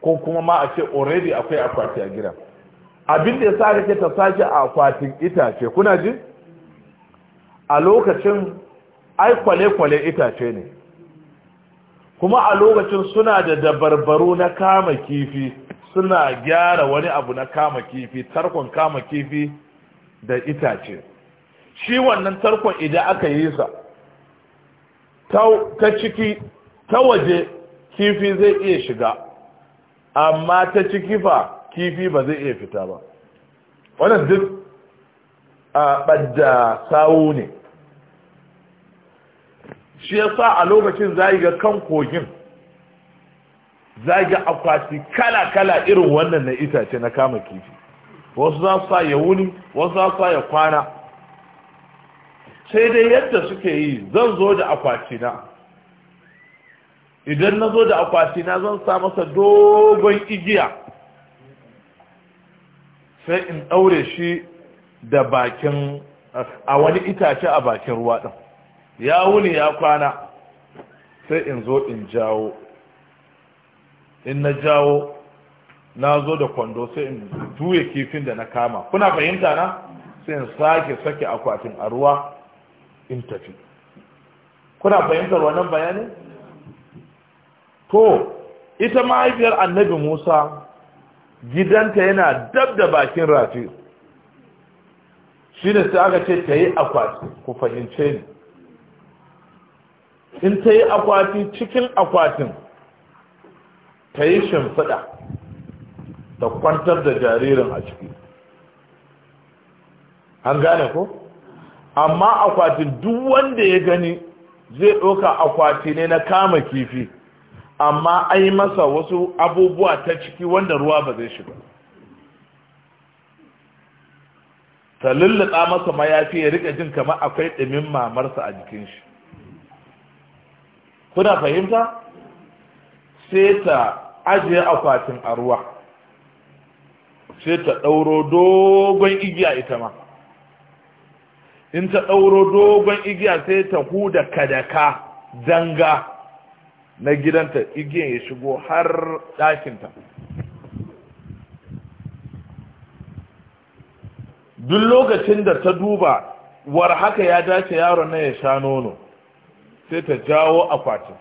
ko kuma ma a ce already akwai akwati a gidan abin da ya sa kake ta sake a akwatin itace kuna ji a lokacin ai kwale-kwale itace ne kuma a lokacin suna da dabarbaru na kama kifi suna gyara wani abu na kama kifi tarkon kama kifi da itace shi wannan tarkon idan aka yi sa ta ciki ta waje kifi zai iya shiga amma ta ciki fa kifi ba zai iya fita ba wannan duk a ɓadda sawu ne shi ya sa a lokacin za ga kan kogin ga akwati kala kala irin wannan na itace na kama kifi wasu za su sa ya wuni wasu za su sa ya kwana sai dai yadda suke yi zan zo da akwati idan na zo da akwati na zan sa masa dogon igiya sai in ɗaure shi da bakin a wani itace a bakin ruwa ɗin ya wuni ya kwana sai in zo in jawo in na jawo na zo da kwando sai in juye kifin da na kama kuna fahimta na sai in sake sake akwatin a ruwa in tafi kuna fahimtar wannan bayanin to ita mahaifiyar annabi musa gidanta yana dab da bakin rafi shi ne sai aka ce ta yi akwati ku fahimce ni in ta yi akwati cikin akwatin ka yi shimfiɗa ta kwantar da jaririn a ciki an gane ko amma akwatin duk wanda ya gani zai ɗauka akwati ne na kama kifi amma an yi masa wasu abubuwa ta ciki wanda ruwa ba zai shiga ta lullaɗa masa mayafi ya rika jin kamar akwai ɗumin mamarsa a jikin shi kuna fahimta sai ta ajiye akwatin a ruwa sai ta ɗauro dogon igiya ita ma in ta ɗauro dogon igiya sai ta huda kadaka danga na gidanta igiya ya shigo har ɗakinta duk lokacin da ta duba war haka ya dace yaron na ya sha nono sai ta jawo akwatin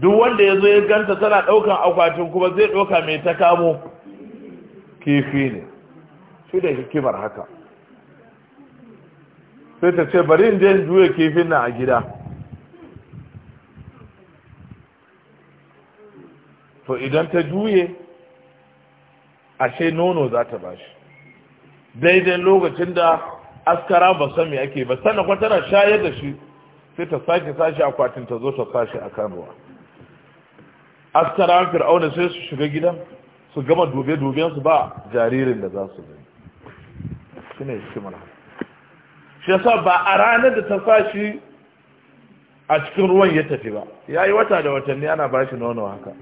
duk wanda ya zo ya ganta tana ɗaukan akwatin kuma zai ɗauka mai ta kamo kifi ne shi da hikimar haka sai ta ce bari in je juya kifin nan a gida to idan ta juye ashe nono za ta bashi daidai lokacin da askara ba sami ake ba sannan kuma tana shayar da shi sai ta sake sashi akwatin ta zo ta sashi kan ruwa askara fir'auna sai su shiga gidan su gama dobe-doben su ba jaririn da za su gani shi ne shi mana shi yasa ba a ranar da ta sa shi a cikin ruwan ya tafi ba ya yi wata da watanni ana ba shi nono haka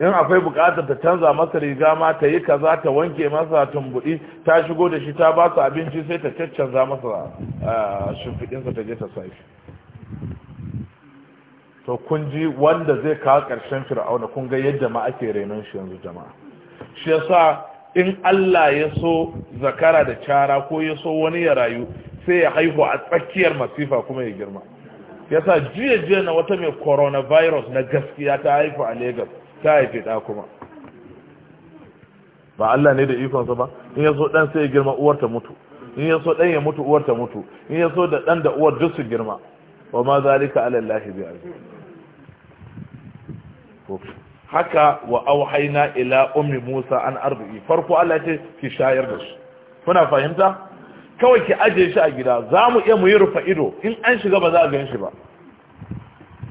in akwai bukatar ta canza masa riga ma ta yi kaza ta wanke masa tumbudi ta shigo da shi ta ba su abinci sai ta caccanza masa eh, shimfiɗinsa ta je ta sa to kun ji wanda zai kawo ƙarshen fir'auna kun ga yadda ma ake renon shi yanzu jama'a shi yasa in Allah ya so zakara da cara ko ya so wani ya rayu sai ya haihu a tsakiyar masifa kuma ya girma yasa jiya jiya na wata mai coronavirus na gaskiya ta haifu a Lagos ta haife da kuma ba Allah ne da sa ba in ya so dan sai ya girma uwar ta mutu in ya so dan ya mutu uwar ta mutu in ya so da dan da uwar duk su girma wa ma zalika ala Allah haka wa auhaina ila ummi musa an arba'i farko Allah ce ki shayar da shi kuna fahimta kawai ki aje shi a gida za mu iya mu yi rufa ido in an shiga ba za a ganshi ba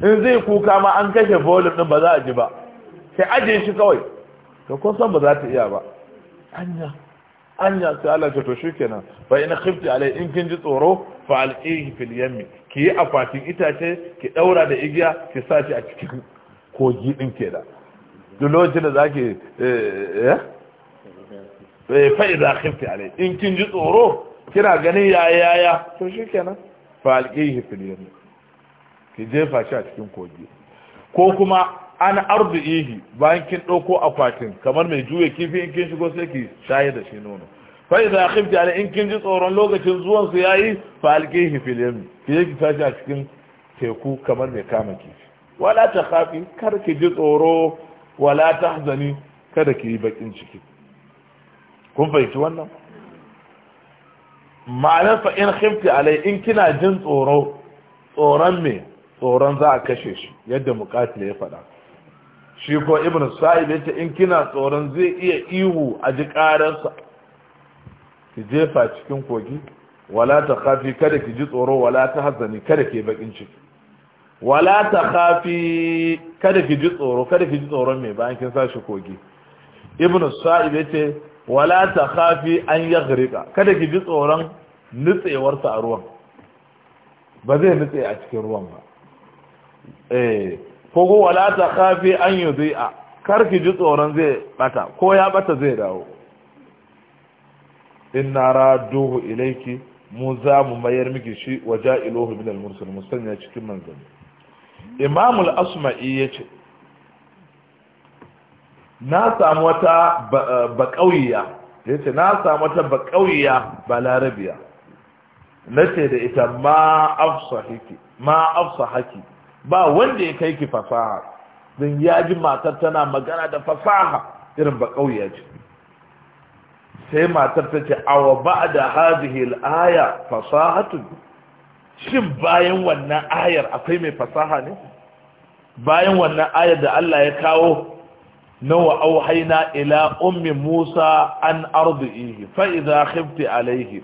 in zai kuka ma an kashe volume din ba za a ji ba ki aje shi kawai to kun san ba za ta iya ba anya anya sai Allah ce to shikenan fa in khifti alai in kin ji tsoro fa alqihi fil yammi ki yi akwatin itace ki daura da igiya ki sa shi a cikin kogi ɗin ke da duk lokacin da zaki eh, eh, eh, eh fa'iza khifti alai in kin ji tsoro kina ganin yaya yaya to shikenan fa alqihi fil yam ki jefa shi a cikin kogi ko kuma an ihi bayan kin dauko akwatin kamar mai juye kifi in kin shigo sai ki shaye da shi nono fa idza khifti ala in kin ji tsoron lokacin zuwan su yayi fa alqihi fil yam ki ki tashi a cikin teku kamar mai kama kifi wala ta khafi kar ki ji tsoro wala ta hazani kada ki yi bakin ciki kun fahimci wannan ma'anar fa in khifti alai in kina jin tsoro tsoron me tsoron za a kashe shi yadda muqatil ya faɗa shi ko ibn sa'id yace in kina tsoron zai iya ihu a ji ƙararsa ki jefa cikin kogi wala ta khafi kada ki ji tsoro wala ta hazani kada ki bakin ciki wala ta kafi kada ki ji tsoro kada ki ji tsoron mai bayan kin sashi kogi ibn sa'ib yace wala ta kafi an ya yaghrika kada ki ji tsoron nutsewar sa a ruwan ba zai nutse a cikin ruwan ba eh ko ko wala ta kafi an yi zai a kar ki ji tsoron zai bata ko ya bata zai dawo in inna raduhu ilaiki mu za mu mayar miki shi waja ilohu min al mursalin musanya cikin manzanni imamul asma'i ya ce na samu wata eh, baƙauya ya ce na samu wata baƙauya ba larabiya na ce da ita ma afsa haki ba wanda ya kai ki fasaha don ya ji matar tana magana da fasaha irin baƙauya ce sai matar ta ce awa ba da aya al'aya fasahatun shin bayan wannan ayar akwai mai fasaha ne bayan wannan ayar da Allah ya kawo nawa auhaina ila ummi Musa an ardihi fa idza khifti alayhi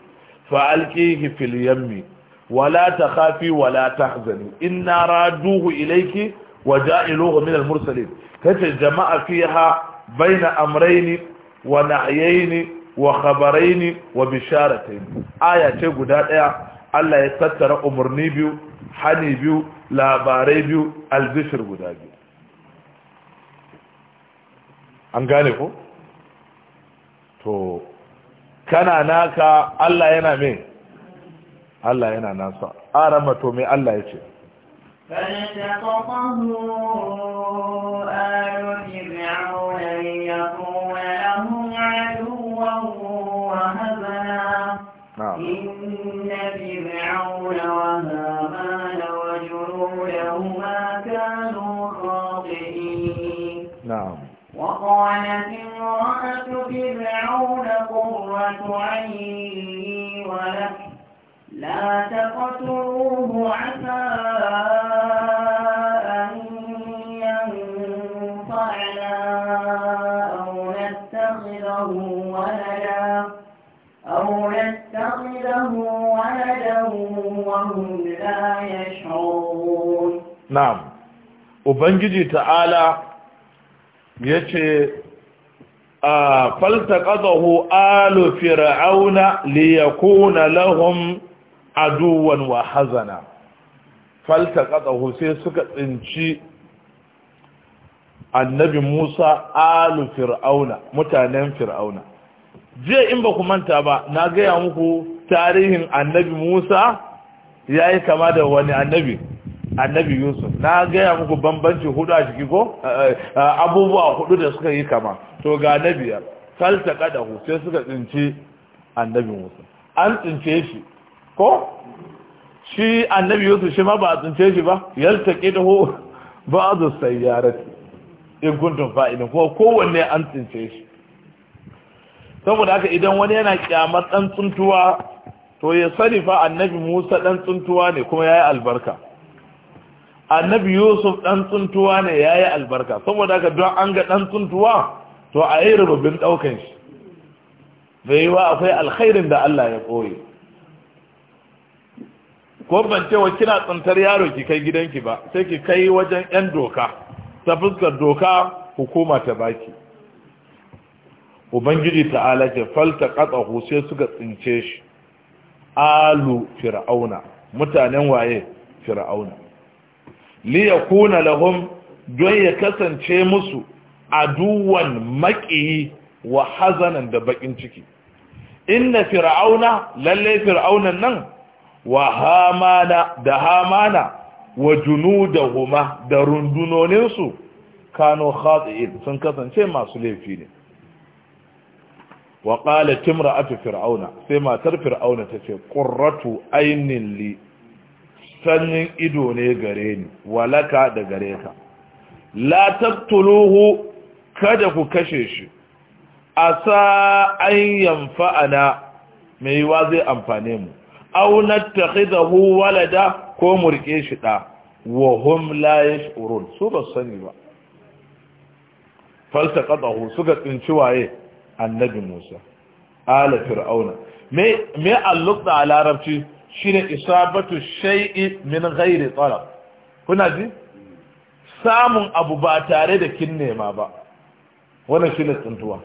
fa alqihi fil yammi wala takhafi wala tahzani inna raduhu ilaiki wa ja'iluhu min al mursalin kace jama'a fiha baina amraini, wa nahyayni wa khabaraini wa bisharatai aya ce guda ɗaya. Allah ya tattara umarni biyu hani biyu labarai biyu alzishir guda biyu an gane ko to kana naka Allah yana me Allah yana nasa arama to me Allah ya ce فالتقطه آل فرعون ليكون لهم عدوا وهبنا نعم. إن فرعون وهامان وجنودهما كانوا خاطئين نعم وقالت امرأة فرعون قرة عيني ولك لا تقتلوه عسى أن ينفعنا أو نتخذه ولدا أو نتخذه Na'am, Ubangiji ta’ala ya ce, A falta ƙazahu alu fir'auna li ya kuna lahun aduwan wa hazana, falta ƙazahu sai suka tsinci annabi Musa alu fir'auna, mutanen fir'auna. jiya in ba ku manta ba na gaya muku tarihin annabi musa ya yi kama da wani annabi annabi yusuf na gaya muku bambanci hudu a ciki ko eh, eh, abubuwa hudu da suka yi kama to ga na ya salta ku sai suka tsinci annabi musa an tsince shi ko shi annabi yusuf shi ma ba a tsince shi ba yalta kidahu ba a zo sayyarati in kuntum fa'ilin kuma kowanne an tsince shi saboda haka idan wani yana kyamar ɗan tsuntuwa to ya sani fa annabi Musa dan tsuntuwa ne kuma yayi albarka annabi Yusuf ɗan tsuntuwa ne yayi albarka saboda haka don an ga dan tsuntuwa to a yi rububin daukan shi bai wa akwai alkhairin da Allah ya koyi ko ban cewa kina tsuntar yaro ki kai gidanki ba sai ki kai wajen yan doka ta fuskar doka hukuma ta baki ubangiji ta'ala ce falta qatahu sai suka tsince shi alu fir'auna mutanen waye fir'auna li yakuna lahum don ya kasance musu aduwan maƙiyi wa hazanan da baƙin ciki inna fir'auna lalle fir'aunan nan wa hamana da hamana wa junudahuma da rundunoninsu kano khati'in sun kasance masu laifi ne wa qala timra'atu fir'auna sai matar fir'auna tace qurratu aynin li sannin ido ne gare ni walaka da gare ka la kada ku kashe shi asa an yanfa'ana mai yiwa zai amfane mu aw nattakhidahu walada ko murke shi da wa hum la yash'urun su ba sani ba falsaqatahu suka tsinci waye annabi Musa ala fir'auna me me alluqta a larabci shine isabatu shay'in min ghairi talab kuna ji samun abu ba tare da kin nema ba wannan shine tuntuwa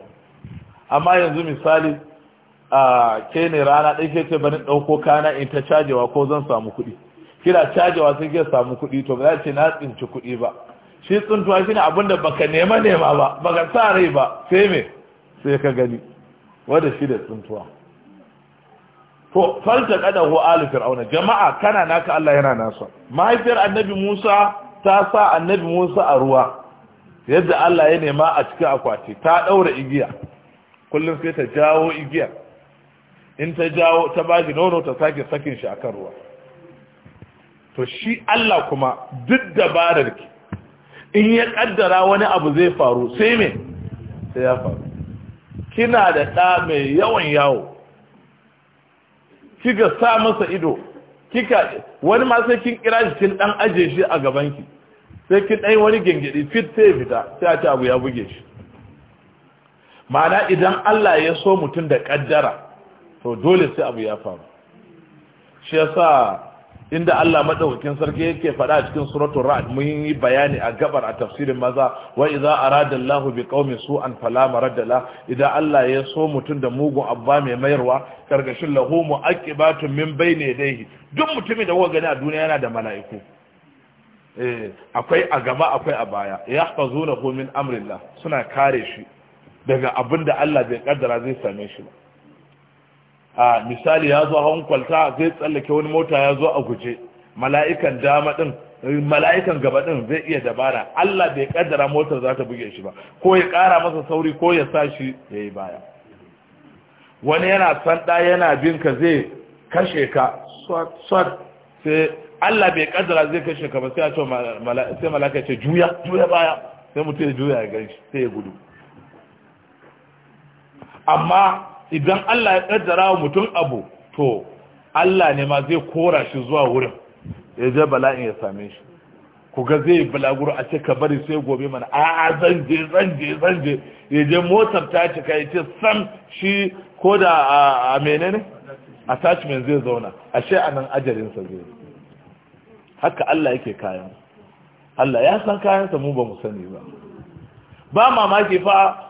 amma yanzu misali a ke ne rana ɗaya ke ce bani ɗauko kana in ta cajewa ko zan samu kuɗi kira cajewa sai ke samu kuɗi to ba ce na tsinci kuɗi ba shi tsuntuwa shine abinda baka nema nema ba baka sa rai ba sai me sai ka gani wadda shi da tsuntuwa to falta kada hu ali fir'auna jama'a kana naka Allah yana nasa mahaifiyar annabi Musa ta sa annabi Musa a ruwa yadda Allah ya nema a cikin akwati ta daura igiya kullum sai ta jawo igiya in ta jawo ta baji nono ta sake sakin shi akan ruwa to shi Allah kuma duk dabarar ki in ya kaddara wani abu zai faru sai me sai ya faru kina da ɗa mai yawan yawo kika sa masa ido kika wani ma sai kin kira shi kin dan aje shi a gaban ki sai kin dai wani gengedi fit sai fita sai a ci abu ya buge shi ma'ana idan Allah ya so mutum da kaddara to dole sai abu ya faru shi yasa inda Allah madaukakin sarki yake faɗa a cikin suratul ra'd mun yi bayani a gabar a tafsirin maza wa idza arada Allah bi qaumin su'an fala marada la idan Allah ya so mutun da mugun abba mai mayarwa kargashin lahu mu'aqibatun min bayni yadayhi duk mutumin da kuka gani a duniya yana da mala'iku eh akwai a gaba akwai a baya yahfazunahu min amrillah suna kare shi daga abinda Allah bai kaddara zai same shi ba a misali ya zo hawan kwalta zai tsallake wani mota ya zo a guje mala'ikan dama din mala'ikan gaba din zai iya dabara Allah bai kaddara motar za ta buge shi ba ko ya kara masa sauri ko ya sa shi ya yi baya wani yana sanda yana bin ka zai kashe ka swat sai Allah bai kaddara zai kashe ka ba sai a ce sai mala'ika ce juya juya baya sai mutum ya juya ya gaishe sai ya gudu amma idan Allah ya kaddara wa mutum abu to Allah ne ma zai kora shi zuwa wurin ya je bala'in ya same shi ku ga zai balaguro a ce ka bari sai gobe mana a zan je zan je zan je ya je motar ta cika ya ce san shi ko da a menene attachment zai zauna ashe a nan sa zai haka Allah yake kayan Allah ya san kayansa mu ba mu sani ba ba mamaki fa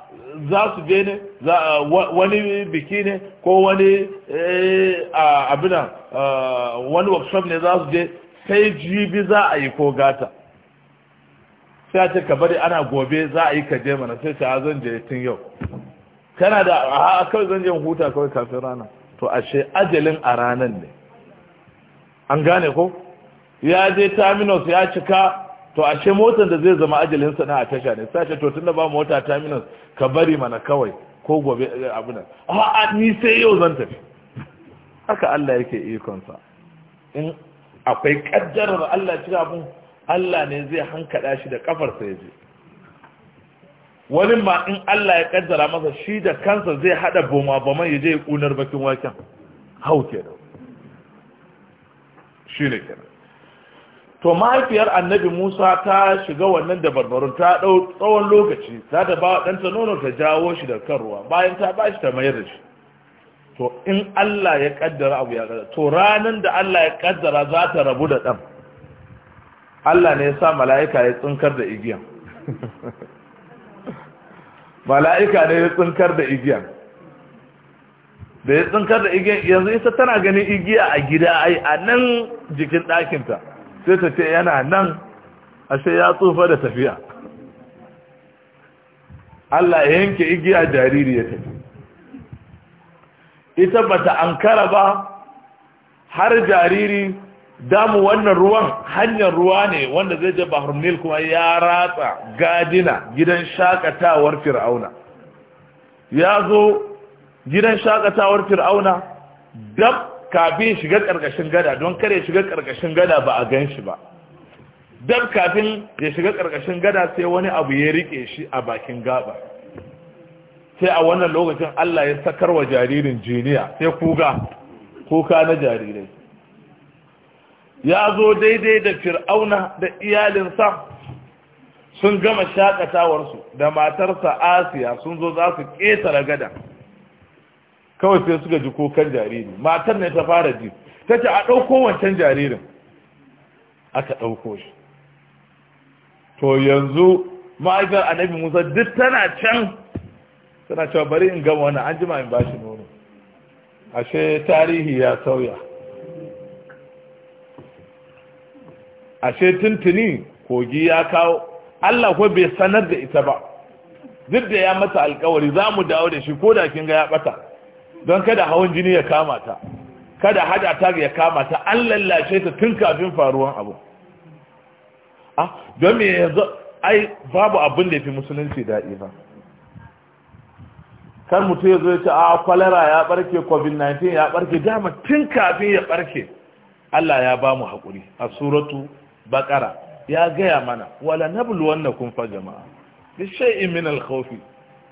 za su je ne wani biki ne ko wani eh, abinan wani workshop ne za su je sai jibi za a yi ko gata sai a ce ka bari ana gobe za a yi ka je mana sai ta zan je tun yau kana da a kawai zan je huta kawai kafin rana to ashe ajalin a ranan ne an gane ko ya je terminus ya cika to ashe motar da zai zama ajalin sana a tasha ne sace to tunda ba mota terminus ka bari mana kawai ko gobe eh, abu nan a ni sai yau zan tafi haka Allah yake ikon sa in akwai kaddarar Allah cika abun Allah ne zai hankada shi da kafar sa yaje wani ma in Allah ya kaddara masa shi da kansa zai hada boma baman yaje ya kunar bakin waken hauke da shi ne kenan to mahaifiyar annabi musa ta shiga wannan dabarbarun ta ɗau tsawon lokaci ta ta ba ɗanta nono ta jawo shi da kan ruwa bayan ta ba shi ta mayar da shi to in allah ya kaddara abu ya kaddara to ranar da allah ya ƙaddara za ta rabu da ɗan allah ne ya sa mala'ika ya tsinkar da igiyan mala'ika ne ya tsinkar da igiyan da ya tsinkar da igiyan yanzu ita tana ganin igiya a gida ai a nan jikin ɗakinta sai ta ce yana nan a sai ya tsufa da tafiya Allah ya yanke igiya jariri ya tafi ita bata ankara ba har jariri damu wannan ruwan hanyar ruwa ne wanda zai je Bahar kuma ya ratsa gadina gidan shakatawar Fir'auna ya zo gidan shakatawar Fir'auna dab kafin shiga ƙarƙashin gada don kare shiga ƙarƙashin gada ba a gan shi ba dab kafin ya shiga ƙarƙashin gada sai wani abu ya rike shi a bakin gaba sai a wannan lokacin Allah ya sakar wa jaririn jiniya sai kuga kuka na jarirai ya zo daidai da fir'auna da iyalinsa sun gama shakatawarsu da matarsa asiya sun zo za su ƙetare gada kawai sai suka ji kukan jariri matan ne ta fara ji ta ce a ɗauko wancan jaririn aka ɗauko shi to yanzu ma'aikar annabi musa duk tana can tana cewa bari in gama wannan an jima in bashi nono ashe tarihi ya sauya ashe tuntuni kogi ya kawo allah ko bai sanar da ita ba duk da ya mata alkawari za mu dawo da shi ko da kin ga ya bata don kada hawan jini ya kama ta kada hada ta ya kama ta an lallashe ta tun kafin faruwan abu ah don me yanzu ai babu abin da fi musulunci daɗi ba Kan mutum ya zo ya ce a kwalara ya barke covid-19 ya barke dama tun kafin ya barke Allah ya ba mu haƙuri a suratu baƙara ya gaya mana wala nabluwannakum fa jama'a bi shay'in min al-khawfi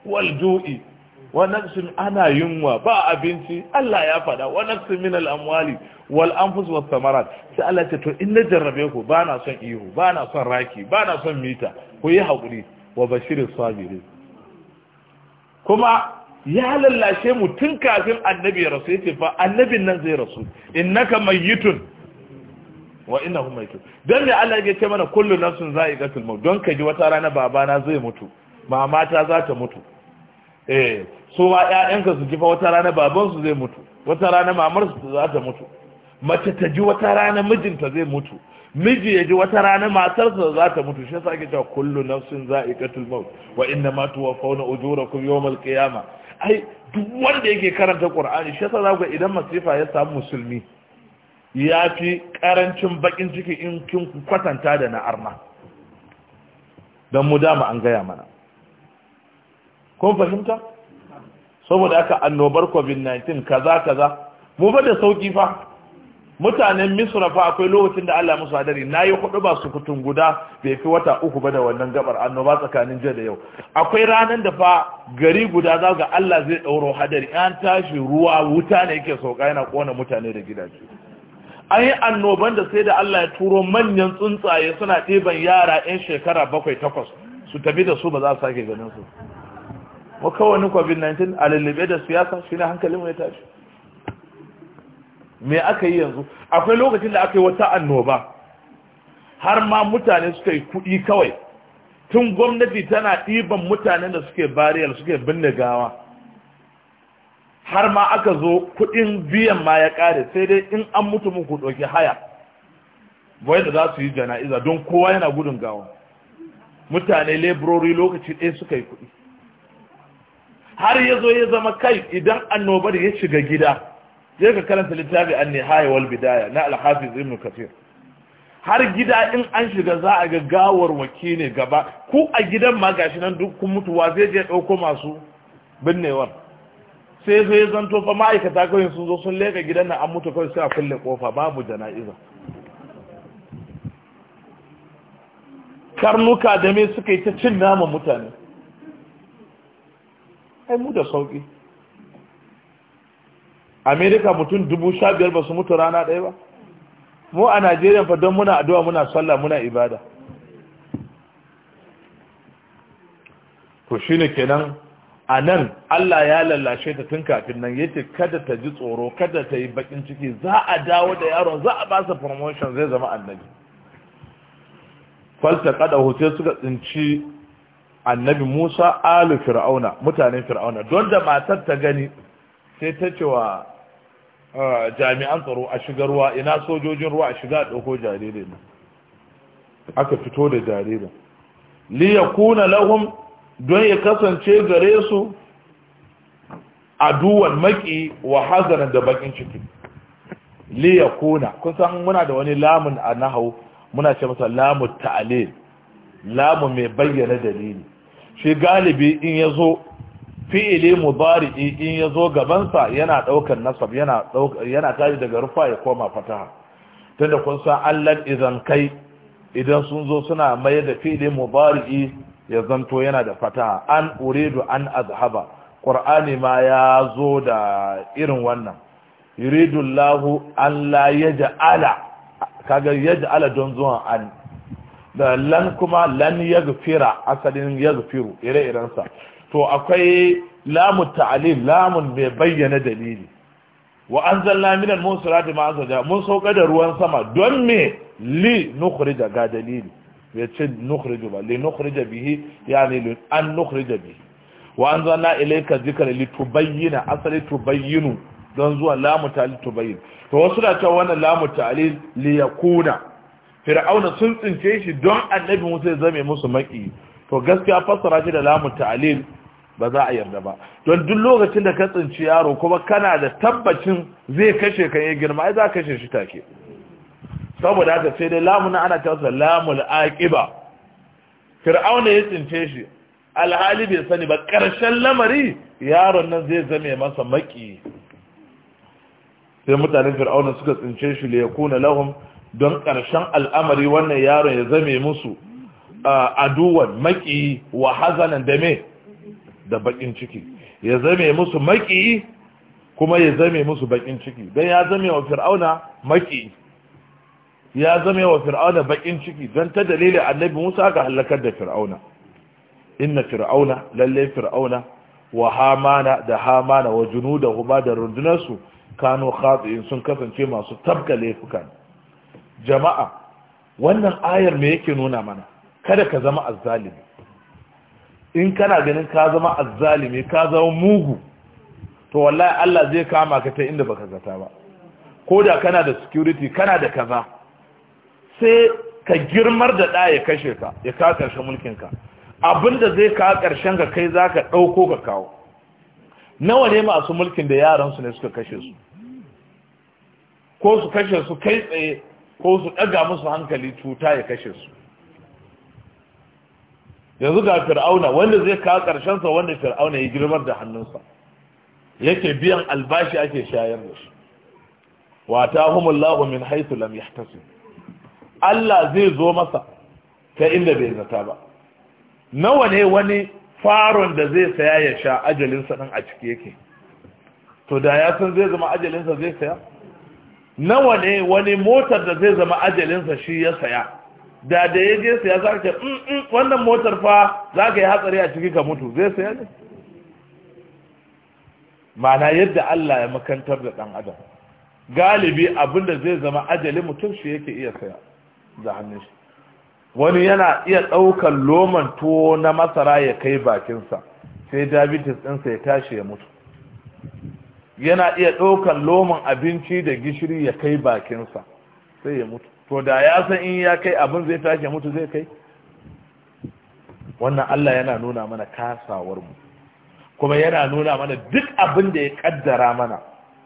wal ju'i wa naqsin ana yunwa ba abinci Allah ya fada wa naqsin min al-amwali wal anfus was samarat sai Allah ce to in na jarrabe ku ba na son ihu ba na son raki ba na son mita ku yi hakuri wa bashirin sabirin kuma ya lallashe mu tun kafin annabi ya rasu yace fa annabin nan zai rasu innaka mayyitun wa innahu mayyitun dan ne Allah ya ce mana kullu nafsin za'iqatul maut don kaji wata rana babana zai mutu mamata za ta mutu eh su ma ƴaƴanka su kifa wata rana babansu zai mutu wata rana mamarsu za ta mutu mace ta ji wata rana mijinta zai mutu miji ya ji wata rana matarsa za ta mutu shi yasa ake cewa kullu nafsin za'iqatul maut wa inna ma tuwaffawna ujurakum yawmal qiyama ai duk wanda yake karanta qur'ani shi yasa zaka idan masifa ya samu musulmi ya fi karancin bakin ciki in kin kwatanta da na arna dan mu dama an gaya mana kun fahimta saboda aka annobar covid-19 kaza kaza mu ba da sauki fa mutanen misra fa akwai lokacin da Allah musu hadari nayi hudu ba su kutun guda bai fi wata uku ba da wannan gabar annoba tsakanin jiya da yau akwai ranan da fa gari guda za ga Allah zai dauro hadari an tashi ruwa wuta ne yake sauka yana kona mutane da gidaje an yi annoban da sai da Allah ya turo manyan tsuntsaye suna ɗiban yara 'yan shekara bakwai takwas su tafi da su ba za su sake ganin su makawanin covid-19 a lullube da siyasa shi ne hankalinmu mai tashi me aka yi yanzu akwai lokacin da aka yi wata annoba har ma mutane suka yi kuɗi kawai tun gwamnati tana ɗiban mutane da suke bariyar suke binne gawa har ma aka zo kuɗin biyan ma ya ƙare sai dai in an mutu muku ɗauki haya bai da za su yi jana'iza don kowa yana gudun gawa mutane leburori lokaci ɗaya suka yi kuɗi har ya zo ya zama kai idan annobar ya shiga gida zai ka karanta littafi an nihaya wal bidaya na alhafiz ibn kafir har gida in an shiga za a ga gawar waki ne gaba ku a gidan ma gashi nan duk kun mutuwa zai je ɗauko masu binnewar sai zai zanto fa ma'aikata kawai sun zo sun leka gidan nan an mutu kawai sai a kulle kofa babu jana'iza karnuka da me suka yi ta cin nama mutane ai mu da sauki amerika mutum dubu sha biyar ba su mutu rana ɗaya ba mu a najeriya fa don muna addu'a muna sallah muna ibada to shine kenan a nan allah ya lallashe ta tun kafin nan yace kada ta ji tsoro kada ta yi bakin ciki za a dawo da yaron za a ba su promotion zai zama annabi falta kada sai suka tsinci annabi Musa alu fir'auna mutanen fir'auna don da matar ta gani sai ta ce wa uh, jami'an tsaro a shiga ruwa ina sojojin ruwa a shiga ɗauko jaririn aka fito da jaririn li kuna lahum don ya kasance gare su a duwan maki wa hazanan da bakin ciki li kusan muna da wani lamun a nahau muna ce masa lamun ta'alil lamun mai bayyana dalili shi galibi in ya zo fi'ili mubari'i in ya zo gabansa yana ɗaukar nasab yana tashi daga rufa ya koma fataha tunda kun san allan idan kai idan sun zo suna mai da fi'ili mubari'i ya zanto yana da fataha an uridu an azhaba ƙur'ani ma ya zo da irin wannan yuridu allahu an la yaj'ala kaga yaj'ala don zuwan an da lan kuma lan yaghfira asalin yaghfiru ire-irensa to akwai lamu ta'lil lamun bai bayyana dalili wa anzalna minal musirati ma azza mun sauka da ruwan sama don me li nukhrija ga dalili ya ce nukhriju ba li nukhrija bihi yani li an nukhrija bihi wa anzalna ilayka dhikra litubayyana asali tubayyinu don zuwa lamu ta'lil tubayyin to wasu da cewa wannan lamu ta'lil li yakuna fir'auna sun tsince shi don annabi musa ya zame musu maki to gaskiya fassara shi da lamun ta'lil ba za a yarda ba don duk lokacin da ka tsinci yaro kuma kana da tabbacin zai kashe kan ya girma ai za kashe shi take saboda haka sai dai lamuna ana ta sa lamul aqiba fir'auna ya tsince shi alhali bai sani ba karshen lamari yaron nan zai zame masa maki sai mutanen fir'auna suka tsince shi la yakuna lahum don ƙarshen al'amari wannan yaron ya zame musu aduwan maki wa hazanan da me da bakin ciki ya zame musu maki kuma ya zame musu bakin ciki don ya zame wa fir'auna maki ya zame wa fir'auna bakin ciki don ta dalilin annabi musa ga halakar da fir'auna inna fir'auna lalle fir'auna wa hamana da hamana wa junudahu huba da rundunarsu kano khatsi sun kasance masu tabka laifuka jama'a wannan ayar me yake nuna mana kada ka zama azzalimi in kana ganin ka zama azzalimi ka zama mugu to wallahi Allah zai kama ka ta inda baka zata ba ko da kana da security kana da kaza sai ka girmar da ɗa ya kashe ka ya ka mulkin ka abinda zai ka karshen ka kai zaka ka ɗauko ka kawo nawa ne masu mulkin da yaran su ne suka kashe su ko su kashe su kai tsaye ko su ɗaga musu hankali cuta ya kashe su yanzu ga fir'auna wanda zai kawo ƙarshensa wanda fir'auna ya girmar da hannunsa yake biyan albashi ake shayar da shi Wata ta humullahu min haithu lam yahtasib Allah zai zo masa ta inda bai zata ba nawa ne wani faron da zai saya ya sha ajalinsa nan a ciki yake to da ya san zai zama ajalinsa zai saya nawa ne wani motar da zai zama ajalinsa shi ya saya da da ya je saya za ka mm, mm, wannan motar fa za ka yi hatsari a ciki ka mutu zai saya ne mana yadda Allah ya makantar da ɗan adam galibi abinda zai zama ajalin mutum shi yake iya saya da hannun shi wani yana iya ɗaukar loman tuwo na masara ya kai bakinsa sai diabetes ɗinsa ya tashi ya mutu yana iya ɗaukan loman abinci da gishiri ya kai bakinsa sai ya mutu to da ya san in ya kai abin zai tashi mutu zai kai wannan Allah yana nuna mana kasawar mu kuma yana nuna mana duk abin da ya kaddara mana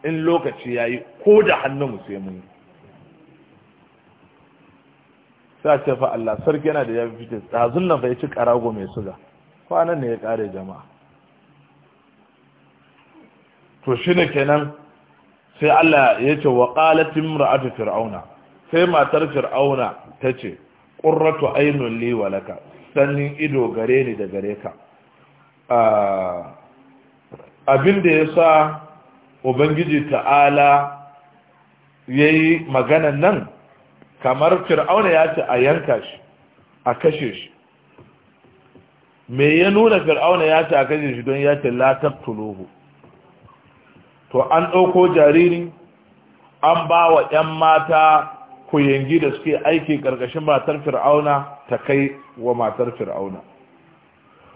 in lokaci yayi ko da hannunmu sai mun yi sa ce fa Allah sarki yana da yafi fitin tazun nan fa ya ci karago mai suga kwanan ne ya kare jama'a to shine kenan sai Allah ya ce wa qalat imra'atu fir'auna sai matar fir'auna tace qurratu aynun li wa sannin ido gare ni da gare ka abin da yasa ubangiji ta'ala yayi maganan nan kamar fir'auna ya ce a yanka shi a kashe shi me ya nuna fir'auna ya ce a kashe shi don ya ce la taqtuluhu to an ɗauko jariri an ba wa 'yan mata kuyangi da suke aiki ƙarƙashin matar fir'auna ta kai wa matar fir'auna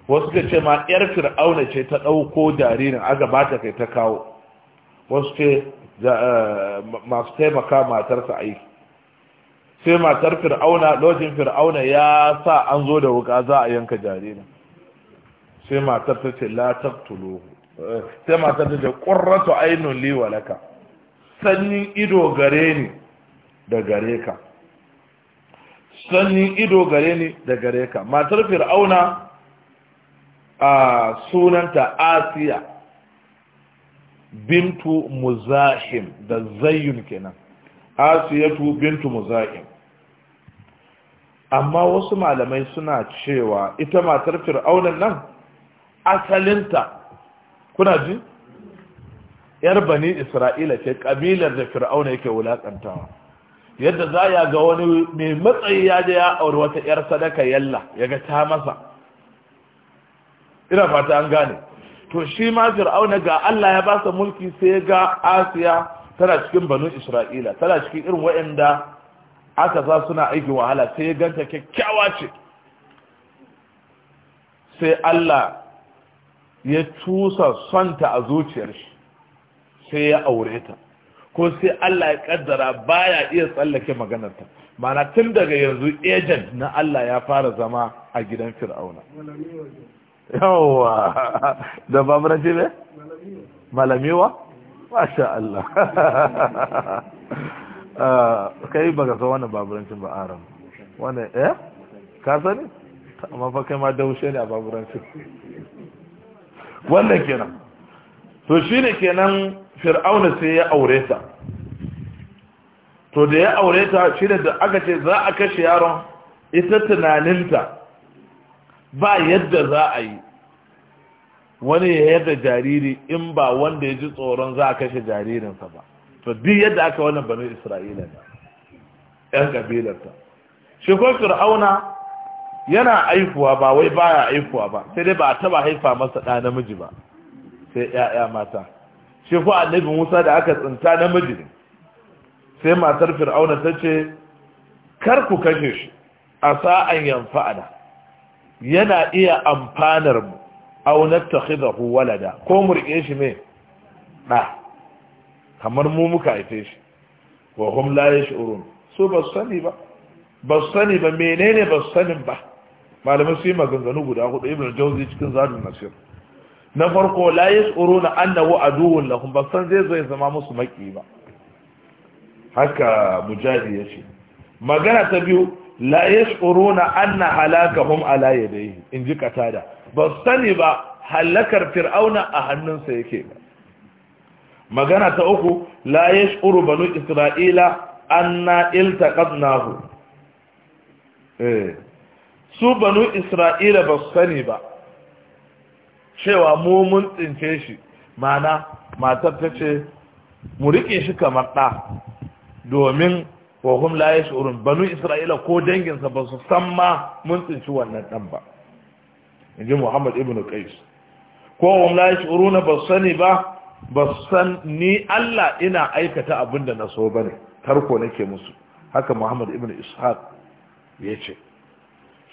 wasu ka ce ma 'yar fir'auna ce ta ɗauko jaririn aka ba ta kai ta kawo wasu ce eh, masu taimaka matarsa aiki sai matar fir'auna lokacin fir'auna ya sa an zo da wuka za a yanka jaririn sai matar ta ce la taqtuluhu sai matar ta ƙurratu ainun li laka ido gare ni da gare ka sanyin ido gare ni da gare ka matar fir'auna a sunanta asiya bintu muzahim da zayyun kenan asiyatu bintu muzahim amma wasu malamai suna cewa ita matar fir'aunan nan asalinta kuna ji yar bani isra'ila ce kabilar da fir'auna yake wulakantawa yadda za ya ga wani mai matsayi ya je ya auri wata yar sadaka yalla ya ga ta masa ina fata an gane to shi ma fir'auna ga Allah ya ba sa mulki sai ga Asiya tana cikin banu Isra'ila tana cikin irin waɗanda aka sa suna aiki wahala sai ya ganta kyakkyawa ce sai Allah ya cusa sonta a zuciyar shi sai ya aure ta ko sai Allah ya kaddara baya iya tsallake maganarta mana tun daga yanzu agent na Allah ya fara zama a gidan fir'auna yawwa da babura ce ne malamiwa masha Allah ah, kai ba san wannan baburancin ba aram wannan eh ka sani amma fa kai ma daushe ne a baburancin wannan kenan to shine kenan fir'auna sai ya aure ta to da ya aure ta shine da aka ce za a kashe yaron ita tunaninta ba yadda za a yi wani ya yadda jariri in ba wanda ya ji tsoron za a kashe jaririnsa ba to duk yadda aka wannan banu isra'ila ne yan kabilarta shi ko fir'auna yana aifuwa ba wai baya aifuwa ba sai dai ba a taba haifa masa ɗa namiji ba sai ƴaƴa mata shi ko annabi Musa da aka tsinta namiji ne sai matar Fir'auna ta ce kar ku kashe shi a sa'an yanfa'ana yana iya amfanar mu aw nattakhidahu walada ko mu shi me ɗa kamar mu muka haife shi wa hum la yash'urun su ba sani ba ba sani ba menene ba sanin ba malamai su yi maganganu guda hudu ibn jauzi cikin zadun nasir na farko la yashuruna annahu aduwwun lahum ba san zai zo ya zama musu maki ba haka mujahid yace magana ta biyu la yashuruna anna halakahum ala yadayhi inji katada ba sani ba halakar fir'auna a hannunsa yake ba magana ta uku la yasuru banu isra'ila anna iltaqadnahu eh su banu isra'ila ba su sani ba cewa mu mun tsince shi mana matar ta ce mu riƙe shi kamar ɗa domin wahum la yashurun banu isra'ila ko danginsa ba su san ma mun tsinci wannan ɗan ba in ji muhammad ibn qais ko wahum la yashuruna ba su sani ba ba su san ni allah ina aikata abin da na so ba ne tarko nake musu haka muhammad ibn ishaq ya ce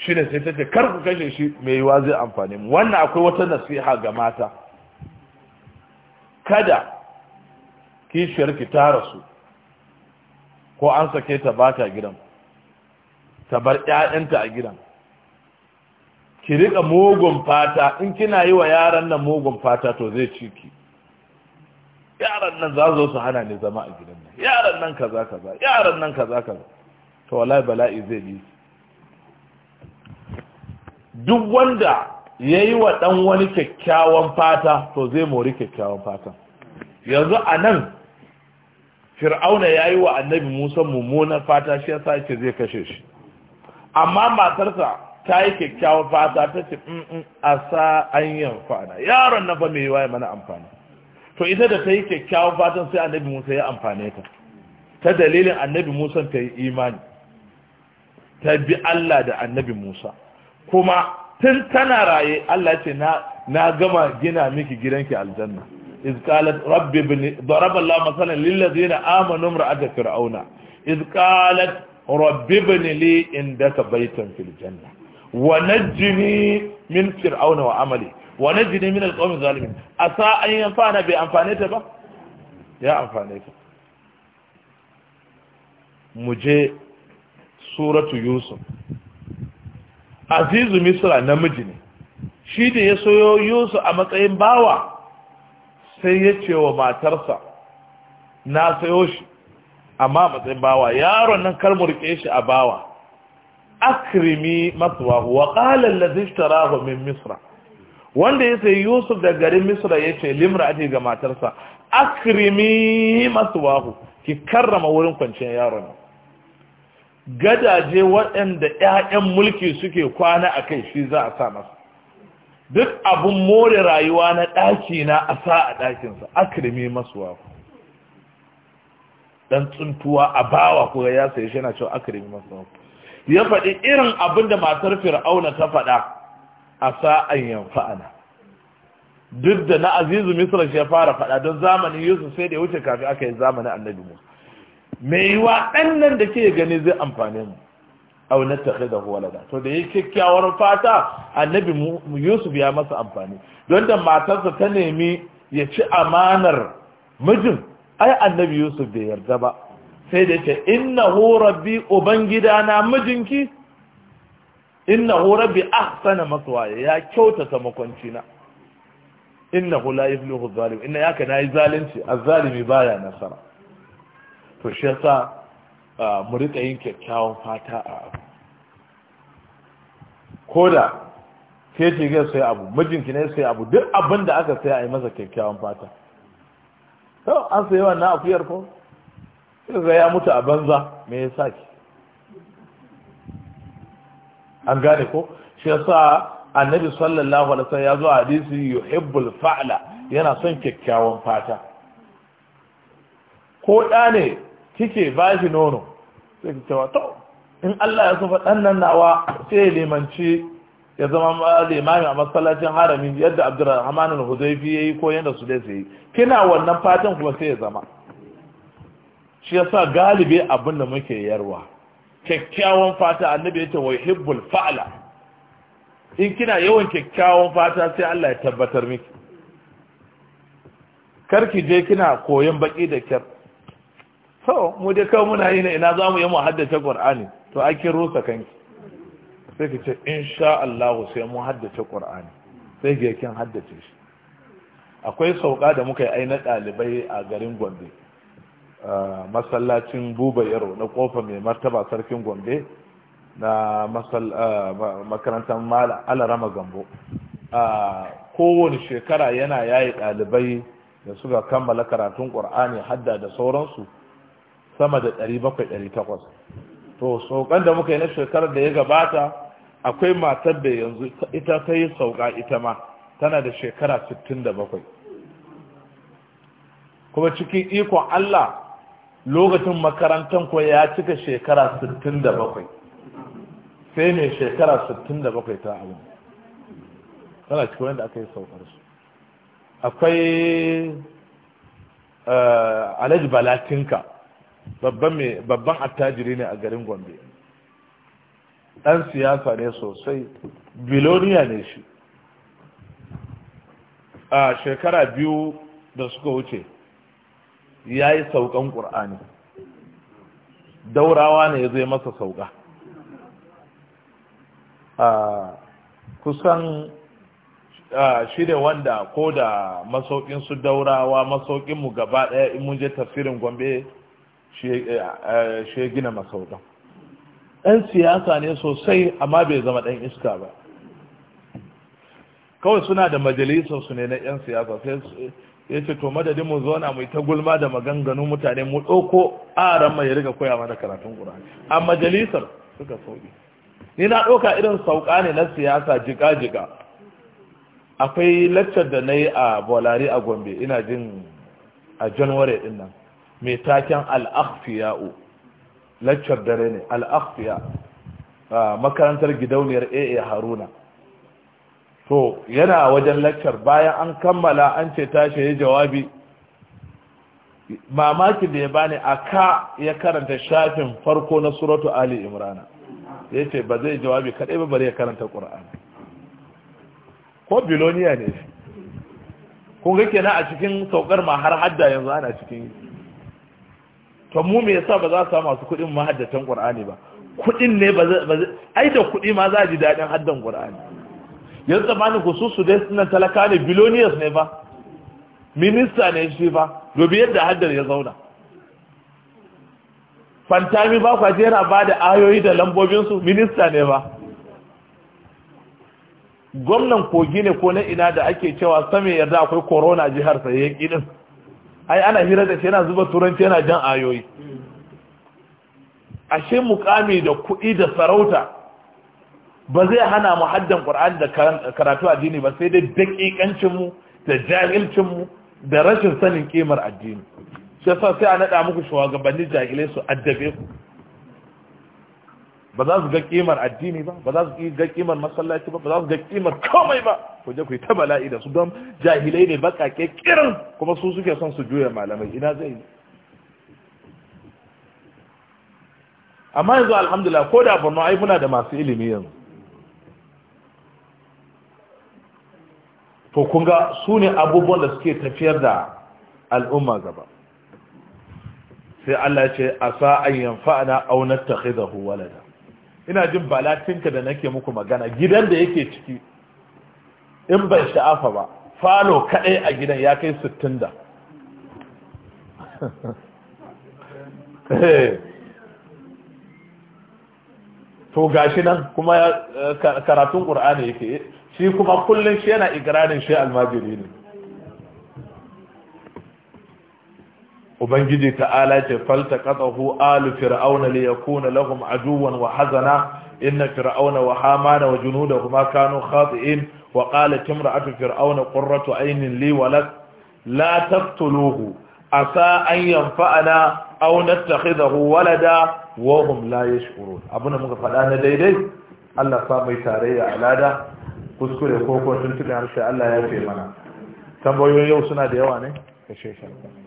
shi ne sai ta ce kar ku kashe shi mai yiwa zai amfani mu wannan akwai wata nasiha ga mata kada kishiyarki ta rasu ko an sake ta bata gidan ta bar ƴaƴanta a gidan ki riƙa mugun fata in kina yi wa yaran nan mugun fata to zai ci ki yaran nan za zo su hana ni zama a gidan nan yaran nan kaza kaza yaran nan kaza kaza to wallahi bala'i zai bi duk wanda ya yi wa ɗan wani kyakkyawan fata to zai mori kyakkyawan fata yanzu a nan fir'auna ya yi wa annabi musa mummunar fata shi ya sa ce zai kashe shi amma matarsa ta yi kyakkyawan fata ta ce a sa an yi amfana yaron na fa mai yi mana amfani to ita da ta yi kyakkyawan fatan sai annabi musa ya amfane ta ta dalilin annabi musa ta yi imani ta bi allah da annabi musa kuma tun tana raye Allah ce na na gama gina miki gidanki aljanna iz qalat rabbi ibn darab Allah masalan lil ladina amanu imra'at fir'auna iz qalat rabbi ibn li indaka baytan fil janna wa najjini min fir'auna wa amali wa najjini min alqawmi zalimin asa an yanfa'ana bi ta ba ya anfanita mu je suratu yusuf azizu misra namiji ne shi da ya soyo yusu a matsayin bawa sai ya ce wa matarsa na sayo shi amma matsayin bawa yaron nan kar mu shi a bawa akrimi maswahu wa qala allazi min misra wanda ya sayi yusuf da garin misra ya ce ake ga matarsa akrimi wahu ki karrama wurin kwanciyar yaron nan. gadaje waɗanda 'ya'yan mulki suke kwana a kai shi za a sa masa duk abin more rayuwa na ɗaki na a sa a ɗakinsa akirmi masuwa ku ɗan tsuntuwa a bawa ku ya sai shi na cewa akirmi masuwa ku ya faɗi irin abin da matar fir'auna ta faɗa a sa'an ana duk da na azizu misra shi ya fara faɗa don zamanin yusuf sai da ya wuce kafin aka yi zamanin annabi musa mai yiwa ɗan nan da ke gani zai amfane mu au na tafi da walada to da yi kyakkyawar fata annabi yusuf ya masa amfani don da matarsa ta nemi ya ci amanar mijin ai annabi yusuf bai yarda ba sai da ce inna hu rabbi ubangida na mijinki inna hu rabbi ahsana maswaya ya kyautata makwanci na inna hu la yuflihu zalim inna yaka nayi zalunci azzalimi baya nasara to shi yasa mu rika yin kyakkyawan fata a abu da ke ce ga sai abu mijinki ne sai abu duk abin da aka sai a yi masa kyakkyawan fata to an sai na afiyar ko sai ya mutu a banza me yasa ki an gane ko shi yasa annabi sallallahu alaihi wasallam ya zo hadisi yuhibbul fa'la yana son kyakkyawan fata ko da ne kike ba shi nono sai ki cewa to in Allah ya sufa dan nan nawa sai limanci ya zama limami a masallacin harami yadda Abdurrahman al-Hudayfi yayi ko yadda su dai sai kina wannan fatan kuma sai ya zama shi yasa galibi abin da muke yarwa kyakkyawan fata annabi yace wa hibbul fa'la in kina yawan kyakkyawan fata sai Allah ya tabbatar miki Kar ki je kina koyon baki da kyar so mu dai kawai muna yi na ina za mu yi mu haddace qur'ani to a kiro kanki sai ki ce insha Allah sai mu haddace qur'ani sai ki kin haddace shi akwai sauka da muka yi aina ɗalibai a garin Gombe masallacin Buba Yaro na kofa mai martaba sarkin Gombe na makarantar Alarama Gambo kowane shekara yana yayi dalibai da suka kammala karatun Qur'ani hadda da sauransu sama da 700-800 to saukan da muka yi na shekarar da ya gabata akwai matar da yanzu ita ta yi sauka ita ma tana da shekara 67 kuma cikin ikon Allah lokacin makarantar kuwa ya cika shekara 67 sai mai shekara 67 ta abu tana cikin wanda aka yi saukar su akwai eh, alaji balatinka babban attajiri ne a garin gombe ɗan siyasa ne sosai biloniya ne shi a shekara biyu da suka wuce ya yi saukan ƙur'ani daurawa ne zai masa sauka kusan shi ne wanda ko da masaukin su daurawa masaukinmu gaba ɗaya in mun je tafsirin gombe shi eh, eh, gina masaudan ɗan siyasa ne sosai amma bai zama ɗan iska ba kawai suna da majalisarsu ne na 'yan siyasa sai ya ce to madadin mu zauna mai ta gulma da maganganun mutane mu ɗauko aran mai riga koya mana karatun ƙur'ani a majalisar suka sauƙi ni na ɗauka irin sauƙa ne na siyasa jika-jika akwai laccar da na yi a bolari a gombe ina jin a januwari ɗin nan mai taken al'afiya'u laccar dare ne al'akhfiya makarantar gidauniyar aa haruna to yana wajen laccar bayan an kammala an ce tashi ya jawabi mamaki da ya bani a ka ya karanta shafin farko na suratu ali imrana ya ce ba zai jawabi kaɗai ba bari ya karanta ƙura'ani ko biloniya ne kunga kun kenan a cikin saukar ma har hadda yanzu ana cikin yi. to mu me yasa ba za su masu kuɗin mahaddatan Qur'ani ba kuɗin ne ba ai da kuɗi ma za ji daɗin haddan Qur'ani yanzu tsammanin hususu dai sunan talaka ne billionaires ne ba minista ne shi ba dobi yadda haddar ya zauna fantami ba kwa jera ba da ayoyi da lambobin su minista ne ba gwamnan kogi ne ko na ina da ake cewa same yarda akwai korona jihar sa yake din ai ana hira da shi yana zuba turanci yana jan ayoyi ashe mukami da kuɗi da sarauta ba zai hana mu haddan Qur'ani da karatu addini ba sai dai daƙiƙancin mu da jahilcin mu da rashin sanin kimar addini shi sai a naɗa muku shugabanni jahilai su addabe ku ba za su ga kimar addini ba ba za su ga kimar masallaci ba ba za su ga kimar komai ba ku je ku ta bala'i da su don jahilai ne bakake kirin kuma su suke son su juya malamai ina zai yi amma yanzu alhamdulillah ko da borno ai muna da masu ilimi yanzu to kun ga su ne abubuwan da suke tafiyar da al'umma gaba sai Allah ce asa an yanfa'ana aw nattakhidhahu walada ina jin balatinka da nake muku magana gidan da yake ciki in ban sha'afa ba falo kaɗai a gidan ya kai sittin da eh. to gashi nan kuma eh, karatun ƙur'ani yake shi kuma kullum shi yana ikirarin shi almajiri ne ubangiji ta'ala ce faltaqatahu alu fir'auna liyakuna lahum aduwan wa hazana inna fir'auna wa hamana wa junudahuma kanu khati'in wa qalat imra'atu fir'auna qurratu aynin li wa la taqtuluhu asa an yanfa'ana aw nattakhidhahu walada wa hum la yashkurun abuna muka fada na daidai Allah sa mai tarayya alada kuskure ko ko tun Allah ya fe mana tambayoyin yau suna da yawa ne kashe shi